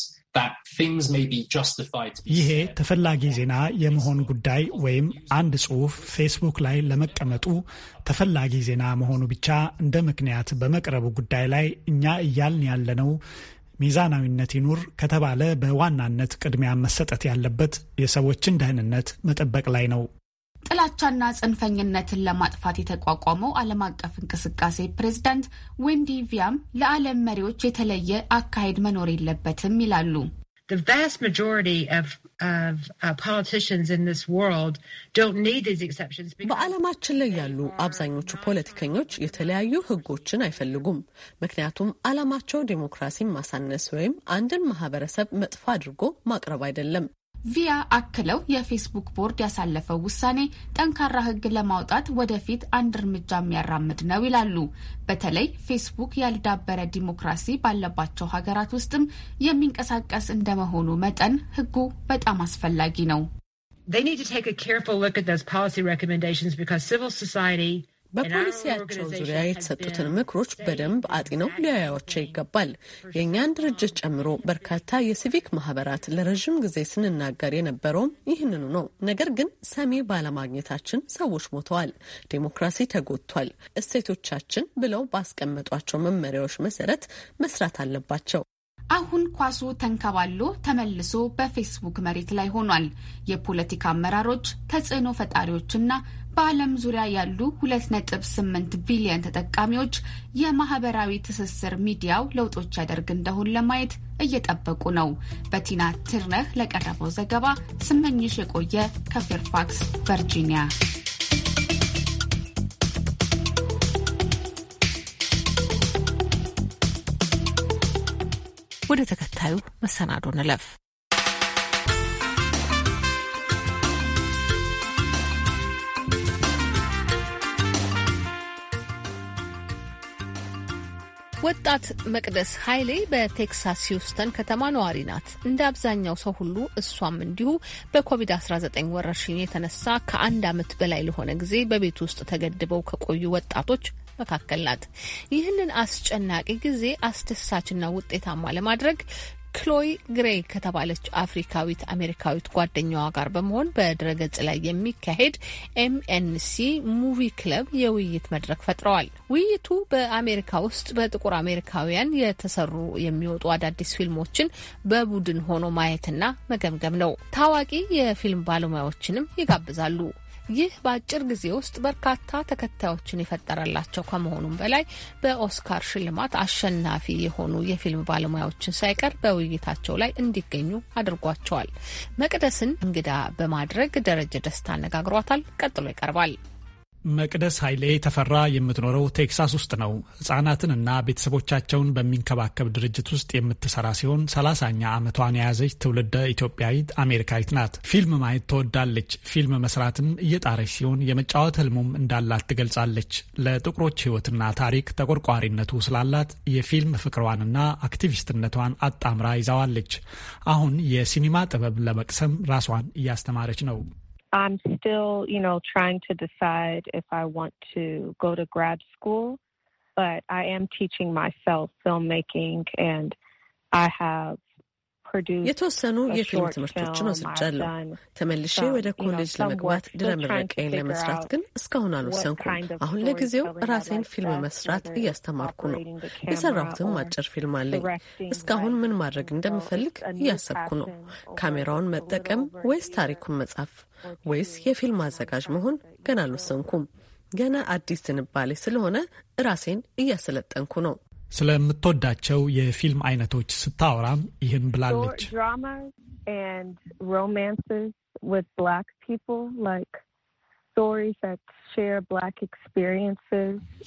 ይሄ ተፈላጊ ዜና የመሆን ጉዳይ ወይም አንድ ጽሑፍ ፌስቡክ ላይ ለመቀመጡ ተፈላጊ ዜና መሆኑ ብቻ እንደ ምክንያት በመቅረቡ ጉዳይ ላይ እኛ እያልን ያለነው ሚዛናዊነት ይኑር ከተባለ በዋናነት ቅድሚያ መሰጠት ያለበት የሰዎችን ደህንነት መጠበቅ ላይ ነው። ጥላቻና ጽንፈኝነትን ለማጥፋት የተቋቋመው ዓለም አቀፍ እንቅስቃሴ ፕሬዝዳንት ዌንዲ ቪያም ለዓለም መሪዎች የተለየ አካሄድ መኖር የለበትም ይላሉ። uh, በዓለማችን ላይ ያሉ አብዛኞቹ ፖለቲከኞች የተለያዩ ሕጎችን አይፈልጉም። ምክንያቱም ዓላማቸው ዴሞክራሲን ማሳነስ ወይም አንድን ማህበረሰብ መጥፎ አድርጎ ማቅረብ አይደለም። ቪያ አክለው የፌስቡክ ቦርድ ያሳለፈው ውሳኔ ጠንካራ ሕግ ለማውጣት ወደፊት አንድ እርምጃ የሚያራምድ ነው ይላሉ። በተለይ ፌስቡክ ያልዳበረ ዲሞክራሲ ባለባቸው ሀገራት ውስጥም የሚንቀሳቀስ እንደመሆኑ መጠን ሕጉ በጣም አስፈላጊ ነው። They need to take a careful look at those policy recommendations because civil society በፖሊሲያቸው ዙሪያ የተሰጡትን ምክሮች በደንብ አጢነው ሊያያቸው ይገባል። የእኛን ድርጅት ጨምሮ በርካታ የሲቪክ ማህበራት ለረዥም ጊዜ ስንናገር የነበረውም ይህንኑ ነው። ነገር ግን ሰሚ ባለማግኘታችን ሰዎች ሞተዋል፣ ዴሞክራሲ ተጎድቷል። እሴቶቻችን ብለው ባስቀመጧቸው መመሪያዎች መሰረት መስራት አለባቸው። አሁን ኳሱ ተንከባሎ ተመልሶ በፌስቡክ መሬት ላይ ሆኗል። የፖለቲካ አመራሮች፣ ተጽዕኖ ፈጣሪዎችና በዓለም ዙሪያ ያሉ 2.8 ቢሊዮን ተጠቃሚዎች የማህበራዊ ትስስር ሚዲያው ለውጦች ያደርግ እንደሆን ለማየት እየጠበቁ ነው። በቲና ትርነህ ለቀረበው ዘገባ ስመኝሽ የቆየ ከፌርፋክስ ቨርጂኒያ። ወደ ተከታዩ መሰናዶ ንለፍ። ወጣት መቅደስ ኃይሌ በቴክሳስ ሂውስተን ከተማ ነዋሪ ናት። እንደ አብዛኛው ሰው ሁሉ እሷም እንዲሁ በኮቪድ-19 ወረርሽኝ የተነሳ ከአንድ ዓመት በላይ ለሆነ ጊዜ በቤት ውስጥ ተገድበው ከቆዩ ወጣቶች መካከል ናት። ይህንን አስጨናቂ ጊዜ አስደሳችና ውጤታማ ለማድረግ ክሎይ ግሬይ ከተባለች አፍሪካዊት አሜሪካዊት ጓደኛዋ ጋር በመሆን በድረገጽ ላይ የሚካሄድ ኤምኤንሲ ሙቪ ክለብ የውይይት መድረክ ፈጥረዋል። ውይይቱ በአሜሪካ ውስጥ በጥቁር አሜሪካውያን የተሰሩ የሚወጡ አዳዲስ ፊልሞችን በቡድን ሆኖ ማየትና መገምገም ነው። ታዋቂ የፊልም ባለሙያዎችንም ይጋብዛሉ። ይህ በአጭር ጊዜ ውስጥ በርካታ ተከታዮችን የፈጠረላቸው ከመሆኑም በላይ በኦስካር ሽልማት አሸናፊ የሆኑ የፊልም ባለሙያዎችን ሳይቀር በውይይታቸው ላይ እንዲገኙ አድርጓቸዋል። መቅደስን እንግዳ በማድረግ ደረጀ ደስታ አነጋግሯታል። ቀጥሎ ይቀርባል። መቅደስ ኃይሌ ተፈራ የምትኖረው ቴክሳስ ውስጥ ነው። እና ቤተሰቦቻቸውን በሚንከባከብ ድርጅት ውስጥ የምትሰራ ሲሆን ሰላሳኛ ዓመቷን የያዘች ትውልደ ኢትዮጵያዊት አሜሪካዊት ናት። ፊልም ማየት ትወዳለች። ፊልም መስራትም እየጣረች ሲሆን የመጫወት ህልሙም እንዳላት ትገልጻለች። ለጥቁሮች ሕይወትና ታሪክ ተቆርቋሪነቱ ስላላት የፊልም ፍቅሯንና አክቲቪስትነቷን አጣምራ ይዛዋለች። አሁን የሲኒማ ጥበብ ለመቅሰም ራሷን እያስተማረች ነው። I'm still, you know, trying to decide if I want to go to grad school, but I am teaching myself filmmaking and I have የተወሰኑ የፊልም ትምህርቶችን ወስጃለሁ። ተመልሼ ወደ ኮሌጅ ለመግባት ድረ ምረቃዬን ለመስራት ግን እስካሁን አልወሰንኩም። አሁን ለጊዜው ራሴን ፊልም መስራት እያስተማርኩ ነው። የሰራሁትም አጭር ፊልም አለኝ። እስካሁን ምን ማድረግ እንደምፈልግ እያሰብኩ ነው። ካሜራውን መጠቀም ወይስ ታሪኩን መጻፍ ወይስ የፊልም አዘጋጅ መሆን ገና አልወሰንኩም። ገና አዲስ ዝንባሌ ስለሆነ ራሴን እያሰለጠንኩ ነው። ስለምትወዳቸው የፊልም አይነቶች ስታወራም ይህን ብላለች።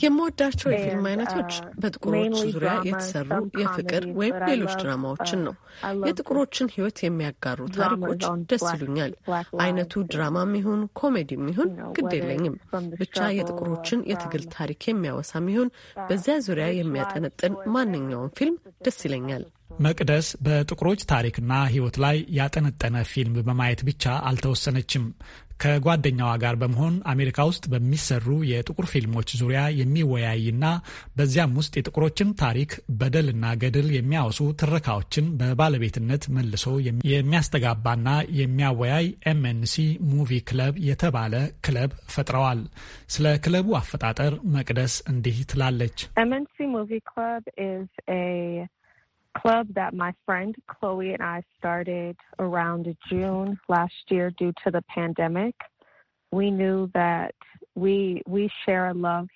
የምወዳቸው የፊልም uh, አይነቶች በጥቁሮች ዙሪያ የተሰሩ የፍቅር ወይም ሌሎች ድራማዎችን uh, ነው። የጥቁሮችን ሕይወት የሚያጋሩ ታሪኮች ደስ ይሉኛል። አይነቱ ድራማም ይሁን ኮሜዲም ይሁን ግድ የለኝም። ብቻ የጥቁሮችን የትግል um, ታሪክ የሚያወሳም ይሁን በዚያ ዙሪያ የሚያጠነጥን ማንኛውም ፊልም ደስ ይለኛል። መቅደስ በጥቁሮች ታሪክና ሕይወት ላይ ያጠነጠነ ፊልም በማየት ብቻ አልተወሰነችም። ከጓደኛዋ ጋር በመሆን አሜሪካ ውስጥ በሚሰሩ የጥቁር ፊልሞች ዙሪያ የሚወያይና በዚያም ውስጥ የጥቁሮችን ታሪክ በደልና ገድል የሚያወሱ ትረካዎችን በባለቤትነት መልሶ የሚያስተጋባና የሚያወያይ ኤምኤንሲ ሙቪ ክለብ የተባለ ክለብ ፈጥረዋል። ስለ ክለቡ አፈጣጠር መቅደስ እንዲህ ትላለች። ኤምኤንሲ ሙቪ ክለብ club that my friend Chloe and I started around June last year due to the pandemic. We knew that we we share a love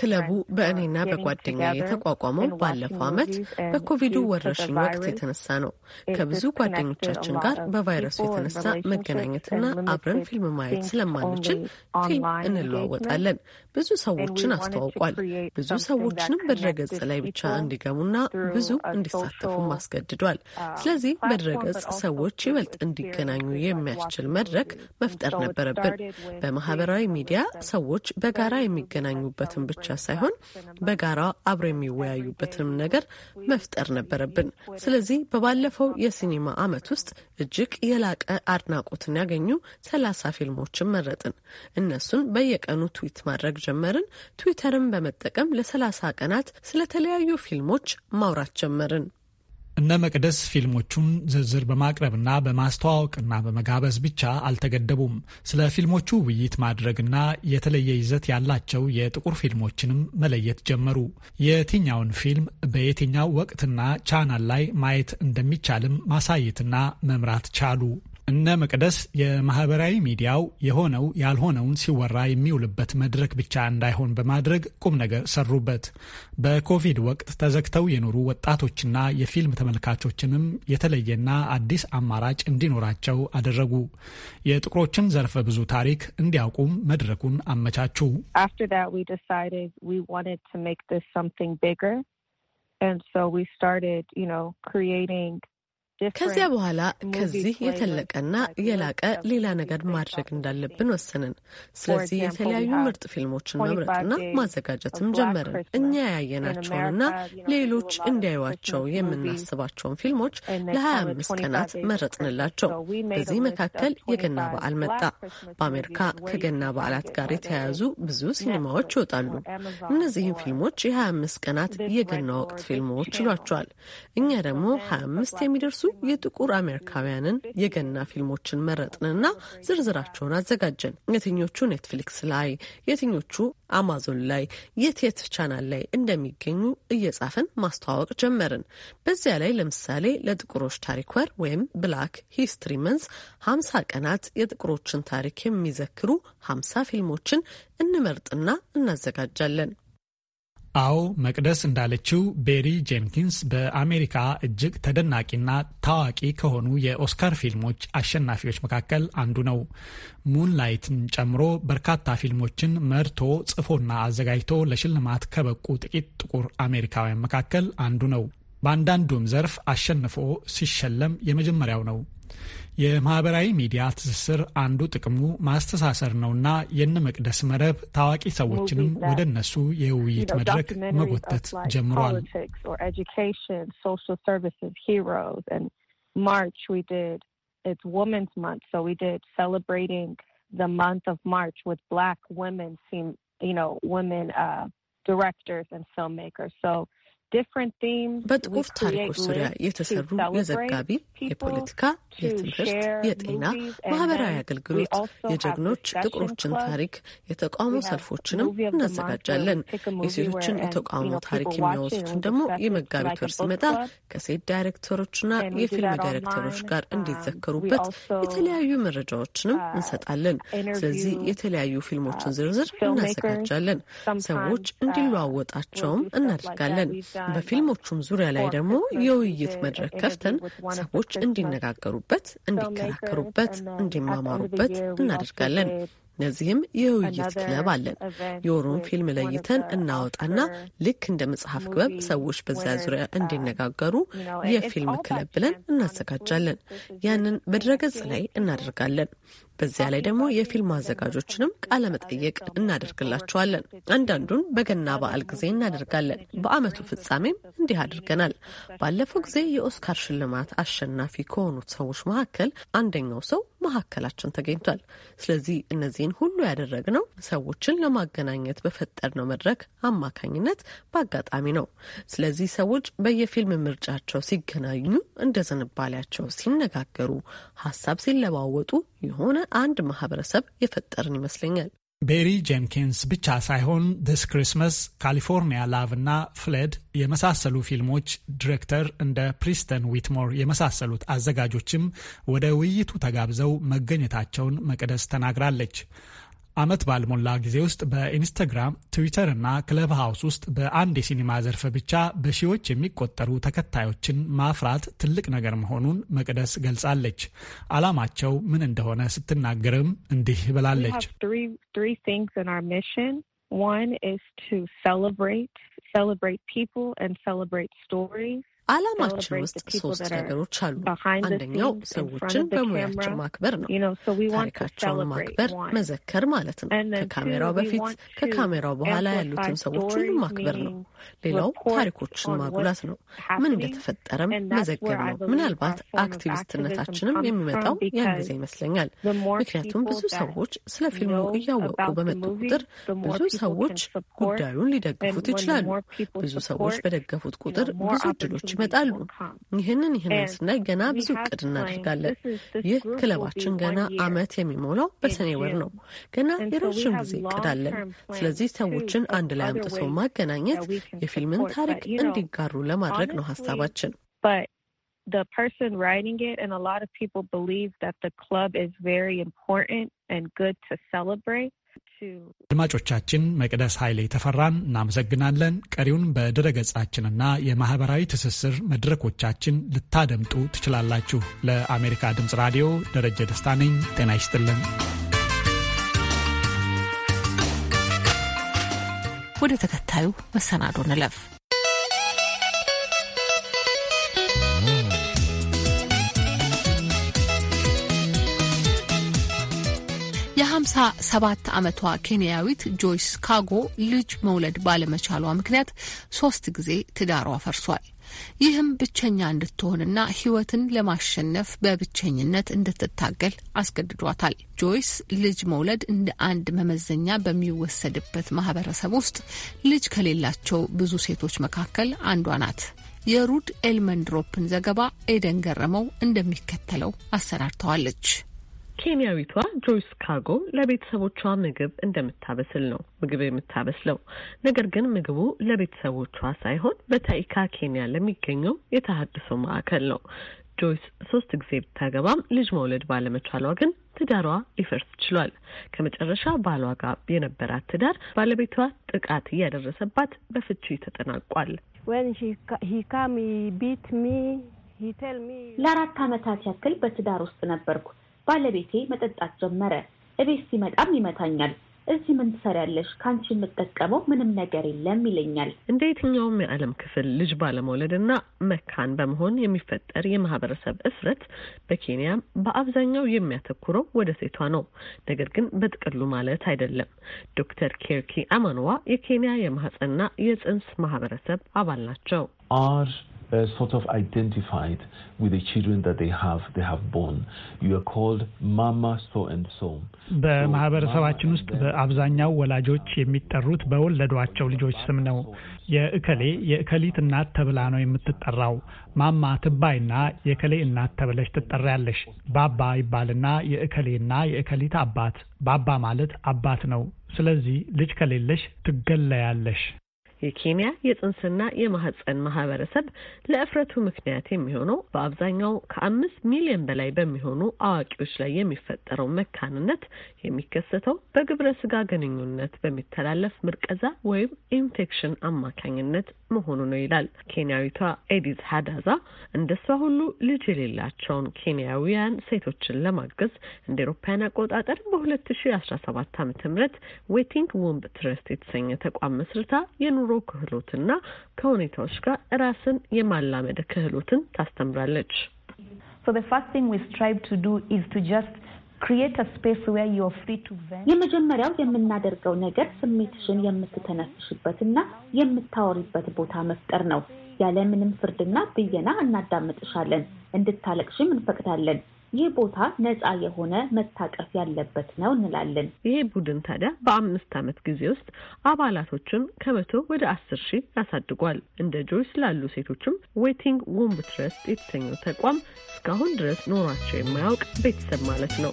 ክለቡ በእኔና በጓደኛዬ የተቋቋመው ባለፈው ዓመት በኮቪዱ ወረርሽኝ ወቅት የተነሳ ነው። ከብዙ ጓደኞቻችን ጋር በቫይረሱ የተነሳ መገናኘትና አብረን ፊልም ማየት ስለማንችል ፊልም እንለዋወጣለን። ብዙ ሰዎችን አስተዋውቋል። ብዙ ሰዎችንም በድረገጽ ላይ ብቻ እንዲገቡና ብዙ እንዲሳተፉም አስገድዷል። uh, ስለዚህ በድረገጽ ሰዎች ይበልጥ እንዲገናኙ የሚያስችል መድረክ መፍጠር ነበረብን። በማህበራዊ ሚዲያ ሰዎች በጋራ የሚገናኙበትን ብቻ ሳይሆን በጋራ አብረው የሚወያዩበትንም ነገር መፍጠር ነበረብን። ስለዚህ በባለፈው የሲኒማ ዓመት ውስጥ እጅግ የላቀ አድናቆትን ያገኙ ሰላሳ ፊልሞችን መረጥን። እነሱን በየቀኑ ትዊት ማድረግ ጀመርን። ትዊተርን በመጠቀም ለሰላሳ ቀናት ስለተለያዩ ፊልሞች ማውራት ጀመርን። እነ መቅደስ ፊልሞቹን ዝርዝር በማቅረብና በማስተዋወቅና በመጋበዝ ብቻ አልተገደቡም። ስለ ፊልሞቹ ውይይት ማድረግና የተለየ ይዘት ያላቸው የጥቁር ፊልሞችንም መለየት ጀመሩ። የትኛውን ፊልም በየትኛው ወቅትና ቻናል ላይ ማየት እንደሚቻልም ማሳየትና መምራት ቻሉ። እነ መቅደስ የማህበራዊ ሚዲያው የሆነው ያልሆነውን ሲወራ የሚውልበት መድረክ ብቻ እንዳይሆን በማድረግ ቁም ነገር ሰሩበት። በኮቪድ ወቅት ተዘግተው የኖሩ ወጣቶችና የፊልም ተመልካቾችንም የተለየና አዲስ አማራጭ እንዲኖራቸው አደረጉ። የጥቁሮችን ዘርፈ ብዙ ታሪክ እንዲያውቁም መድረኩን አመቻቹ። And so we started, you know, creating ከዚያ በኋላ ከዚህ የተለቀና የላቀ ሌላ ነገር ማድረግ እንዳለብን ወሰንን። ስለዚህ የተለያዩ ምርጥ ፊልሞችን መምረጥና ማዘጋጀትም ጀመርን። እኛ ያየናቸውንና ሌሎች እንዲያዩቸው የምናስባቸውን ፊልሞች ለ25 ቀናት መረጥንላቸው። በዚህ መካከል የገና በዓል መጣ። በአሜሪካ ከገና በዓላት ጋር የተያያዙ ብዙ ሲኒማዎች ይወጣሉ። እነዚህም ፊልሞች የ25 ቀናት የገና ወቅት ፊልሞች ይሏቸዋል። እኛ ደግሞ 25 የሚደርሱ የጥቁር አሜሪካውያንን የገና ፊልሞችን መረጥንና ዝርዝራቸውን አዘጋጀን። የትኞቹ ኔትፍሊክስ ላይ፣ የትኞቹ አማዞን ላይ፣ የት የት ቻናል ላይ እንደሚገኙ እየጻፈን ማስተዋወቅ ጀመርን። በዚያ ላይ ለምሳሌ ለጥቁሮች ታሪክ ወር ወይም ብላክ ሂስትሪ መንዝ ሀምሳ ቀናት የጥቁሮችን ታሪክ የሚዘክሩ ሀምሳ ፊልሞችን እንመርጥና እናዘጋጃለን። አዎ መቅደስ እንዳለችው ቤሪ ጄንኪንስ በአሜሪካ እጅግ ተደናቂና ታዋቂ ከሆኑ የኦስካር ፊልሞች አሸናፊዎች መካከል አንዱ ነው። ሙንላይትን ጨምሮ በርካታ ፊልሞችን መርቶ ጽፎና አዘጋጅቶ ለሽልማት ከበቁ ጥቂት ጥቁር አሜሪካውያን መካከል አንዱ ነው። በአንዳንዱም ዘርፍ አሸንፎ ሲሸለም የመጀመሪያው ነው። የማህበራዊ politics or education, social services, heroes, የነ March we did. It's Women's Month, so we did celebrating the month of March with black women you know, women uh, directors and filmmakers. So በጥቁር ታሪኮች ዙሪያ የተሰሩ የዘጋቢ፣ የፖለቲካ፣ የትምህርት፣ የጤና፣ ማህበራዊ አገልግሎት፣ የጀግኖች ጥቁሮችን ታሪክ፣ የተቃውሞ ሰልፎችንም እናዘጋጃለን። የሴቶችን የተቃውሞ ታሪክ የሚያወሱትን ደግሞ የመጋቢት ወር ሲመጣ ከሴት ዳይሬክተሮችና የፊልም ዳይሬክተሮች ጋር um, እንዲዘከሩበት የተለያዩ መረጃዎችንም uh, እንሰጣለን። ስለዚህ የተለያዩ ፊልሞችን uh, ዝርዝር እናዘጋጃለን። ሰዎች uh, እንዲለዋወጣቸውም እናደርጋለን። በፊልሞቹም ዙሪያ ላይ ደግሞ የውይይት መድረክ ከፍተን ሰዎች እንዲነጋገሩበት፣ እንዲከራከሩበት፣ እንዲማማሩበት እናደርጋለን። እነዚህም የውይይት ክለብ አለን። የወሩን ፊልም ለይተን እናወጣና ልክ እንደ መጽሐፍ ክበብ ሰዎች በዚያ ዙሪያ እንዲነጋገሩ የፊልም ክለብ ብለን እናዘጋጃለን። ያንን በድረገጽ ላይ እናደርጋለን። በዚያ ላይ ደግሞ የፊልም አዘጋጆችንም ቃለ መጠየቅ እናደርግላቸዋለን። አንዳንዱን በገና በዓል ጊዜ እናደርጋለን። በዓመቱ ፍጻሜም እንዲህ አድርገናል። ባለፈው ጊዜ የኦስካር ሽልማት አሸናፊ ከሆኑት ሰዎች መካከል አንደኛው ሰው መካከላችን ተገኝቷል። ስለዚህ እነዚህን ሁሉ ያደረግነው ሰዎችን ለማገናኘት በፈጠርነው መድረክ አማካኝነት በአጋጣሚ ነው። ስለዚህ ሰዎች በየፊልም ምርጫቸው ሲገናኙ እንደ ዝንባሌያቸው ሲነጋገሩ፣ ሀሳብ ሲለዋወጡ የሆነ አንድ ማህበረሰብ የፈጠርን ይመስለኛል። ቤሪ ጄንኪንስ ብቻ ሳይሆን ዲስ ክሪስመስ፣ ካሊፎርኒያ ላቭ እና ፍሌድ የመሳሰሉ ፊልሞች ዲሬክተር እንደ ፕሪስተን ዊትሞር የመሳሰሉት አዘጋጆችም ወደ ውይይቱ ተጋብዘው መገኘታቸውን መቅደስ ተናግራለች። ዓመት ባልሞላ ጊዜ ውስጥ በኢንስታግራም፣ ትዊተር እና ክለብ ሃውስ ውስጥ በአንድ የሲኒማ ዘርፍ ብቻ በሺዎች የሚቆጠሩ ተከታዮችን ማፍራት ትልቅ ነገር መሆኑን መቅደስ ገልጻለች። ዓላማቸው ምን እንደሆነ ስትናገርም እንዲህ ብላለች። One is to celebrate, celebrate people and celebrate stories. ዓላማችን ውስጥ ሶስት ነገሮች አሉ። አንደኛው ሰዎችን በሙያቸው ማክበር ነው። ታሪካቸውን ማክበር፣ መዘከር ማለት ነው። ከካሜራው በፊት ከካሜራው በኋላ ያሉትን ሰዎች ሁሉ ማክበር ነው። ሌላው ታሪኮችን ማጉላት ነው። ምን እንደተፈጠረም መዘገብ ነው። ምናልባት አክቲቪስትነታችንም የሚመጣው ያን ጊዜ ይመስለኛል። ምክንያቱም ብዙ ሰዎች ስለ ፊልሙ እያወቁ በመጡ ቁጥር ብዙ ሰዎች ጉዳዩን ሊደግፉት ይችላሉ። ብዙ ሰዎች በደገፉት ቁጥር ብዙ እድሎች ይመጣሉ። ይህንን ይህንን ስናይ ገና ብዙ እቅድ እናደርጋለን። ይህ ክለባችን ገና አመት የሚሞላው በሰኔ ወር ነው። ገና የረዥም ጊዜ እቅድ አለን። ስለዚህ ሰዎችን አንድ ላይ አምጥቶ ማገናኘት፣ የፊልምን ታሪክ እንዲጋሩ ለማድረግ ነው ሀሳባችን። the person writing it and a lot of people believe that the club is very important and good to celebrate አድማጮቻችን መቅደስ ኃይሌ ተፈራን እናመሰግናለን። ቀሪውን በድረገጻችንና የማህበራዊ ትስስር መድረኮቻችን ልታደምጡ ትችላላችሁ። ለአሜሪካ ድምፅ ራዲዮ ደረጀ ደስታ ነኝ። ጤና ይስጥልን። ወደ ተከታዩ መሰናዶ ንለፍ። ሀምሳ ሰባት ዓመቷ ኬንያዊት ጆይስ ካጎ ልጅ መውለድ ባለመቻሏ ምክንያት ሶስት ጊዜ ትዳሯ ፈርሷል። ይህም ብቸኛ እንድትሆንና ሕይወትን ለማሸነፍ በብቸኝነት እንድትታገል አስገድዷታል። ጆይስ ልጅ መውለድ እንደ አንድ መመዘኛ በሚወሰድበት ማህበረሰብ ውስጥ ልጅ ከሌላቸው ብዙ ሴቶች መካከል አንዷ ናት። የሩድ ኤልመንድሮፕን ዘገባ ኤደን ገረመው እንደሚከተለው አሰናድተዋለች። ኬንያዊቷ ጆይስ ካጎ ለቤተሰቦቿ ምግብ እንደምታበስል ነው ምግብ የምታበስለው። ነገር ግን ምግቡ ለቤተሰቦቿ ሳይሆን በታኢካ ኬንያ ለሚገኘው የተሃድሶ ማዕከል ነው። ጆይስ ሶስት ጊዜ ብታገባም ልጅ መውለድ ባለመቻሏ ግን ትዳሯ ሊፈርስ ችሏል። ከመጨረሻ ባሏ ጋር የነበራት ትዳር ባለቤቷ ጥቃት እያደረሰባት በፍቺ ተጠናቋል። ለአራት ዓመታት ያክል በትዳር ውስጥ ነበርኩ። ባለቤቴ መጠጣት ጀመረ። እቤት ሲመጣም ይመታኛል። እዚህ ምን ትሰሪያለሽ? ከአንቺ የምጠቀመው ምንም ነገር የለም ይለኛል። እንደ የትኛውም የዓለም ክፍል ልጅ ባለመውለድና መካን በመሆን የሚፈጠር የማህበረሰብ እፍረት በኬንያም በአብዛኛው የሚያተኩረው ወደ ሴቷ ነው። ነገር ግን በጥቅሉ ማለት አይደለም። ዶክተር ኬርኪ አማንዋ የኬንያ የማህፀንና የጽንስ ማህበረሰብ አባል ናቸው። አር uh, sort of identified with the children that they have they have born you are called mama so and so በማህበረሰባችን ውስጥ በአብዛኛው ወላጆች የሚጠሩት በወለዷቸው ልጆች ስም ነው። የእከሌ የእከሊት እናት ተብላ ነው የምትጠራው። ማማ ትባይና የእከሌ እናት ተብለሽ ትጠሪያለሽ። ባባ ይባልና የእከሌና የእከሊት አባት። ባባ ማለት አባት ነው። ስለዚህ ልጅ ከሌለሽ ትገለያለሽ። የኬንያ የጽንስና የማህፀን ማህበረሰብ ለእፍረቱ ምክንያት የሚሆነው በአብዛኛው ከአምስት ሚሊዮን በላይ በሚሆኑ አዋቂዎች ላይ የሚፈጠረው መካንነት የሚከሰተው በግብረ ስጋ ግንኙነት በሚተላለፍ ምርቀዛ ወይም ኢንፌክሽን አማካኝነት መሆኑ ነው ይላል ኬንያዊቷ ኤዲዝ ሀዳዛ። እንደሷ ሁሉ ልጅ የሌላቸውን ኬንያውያን ሴቶችን ለማገዝ እንደ ኤሮፓያን አቆጣጠር በሁለት ሺ አስራ ሰባት አመተ ምህረት ዌቲንግ ውምብ ትረስት የተሰኘ ተቋም መስርታ የኑ የአእምሮ ክህሎትና ከሁኔታዎች ጋር ራስን የማላመድ ክህሎትን ታስተምራለች። የመጀመሪያው የምናደርገው ነገር ስሜትሽን የምትተነፍሽበትና የምታወሪበት ቦታ መፍጠር ነው። ያለ ምንም ፍርድና ብየና እናዳምጥሻለን፣ እንድታለቅሽም እንፈቅዳለን። ይህ ቦታ ነፃ የሆነ መታቀፍ ያለበት ነው እንላለን። ይሄ ቡድን ታዲያ በአምስት ዓመት ጊዜ ውስጥ አባላቶችን ከመቶ ወደ አስር ሺህ ያሳድጓል። እንደ ጆይስ ላሉ ሴቶችም ዌቲንግ ወምብ ትረስት የተሰኘው ተቋም እስካሁን ድረስ ኖሯቸው የማያውቅ ቤተሰብ ማለት ነው።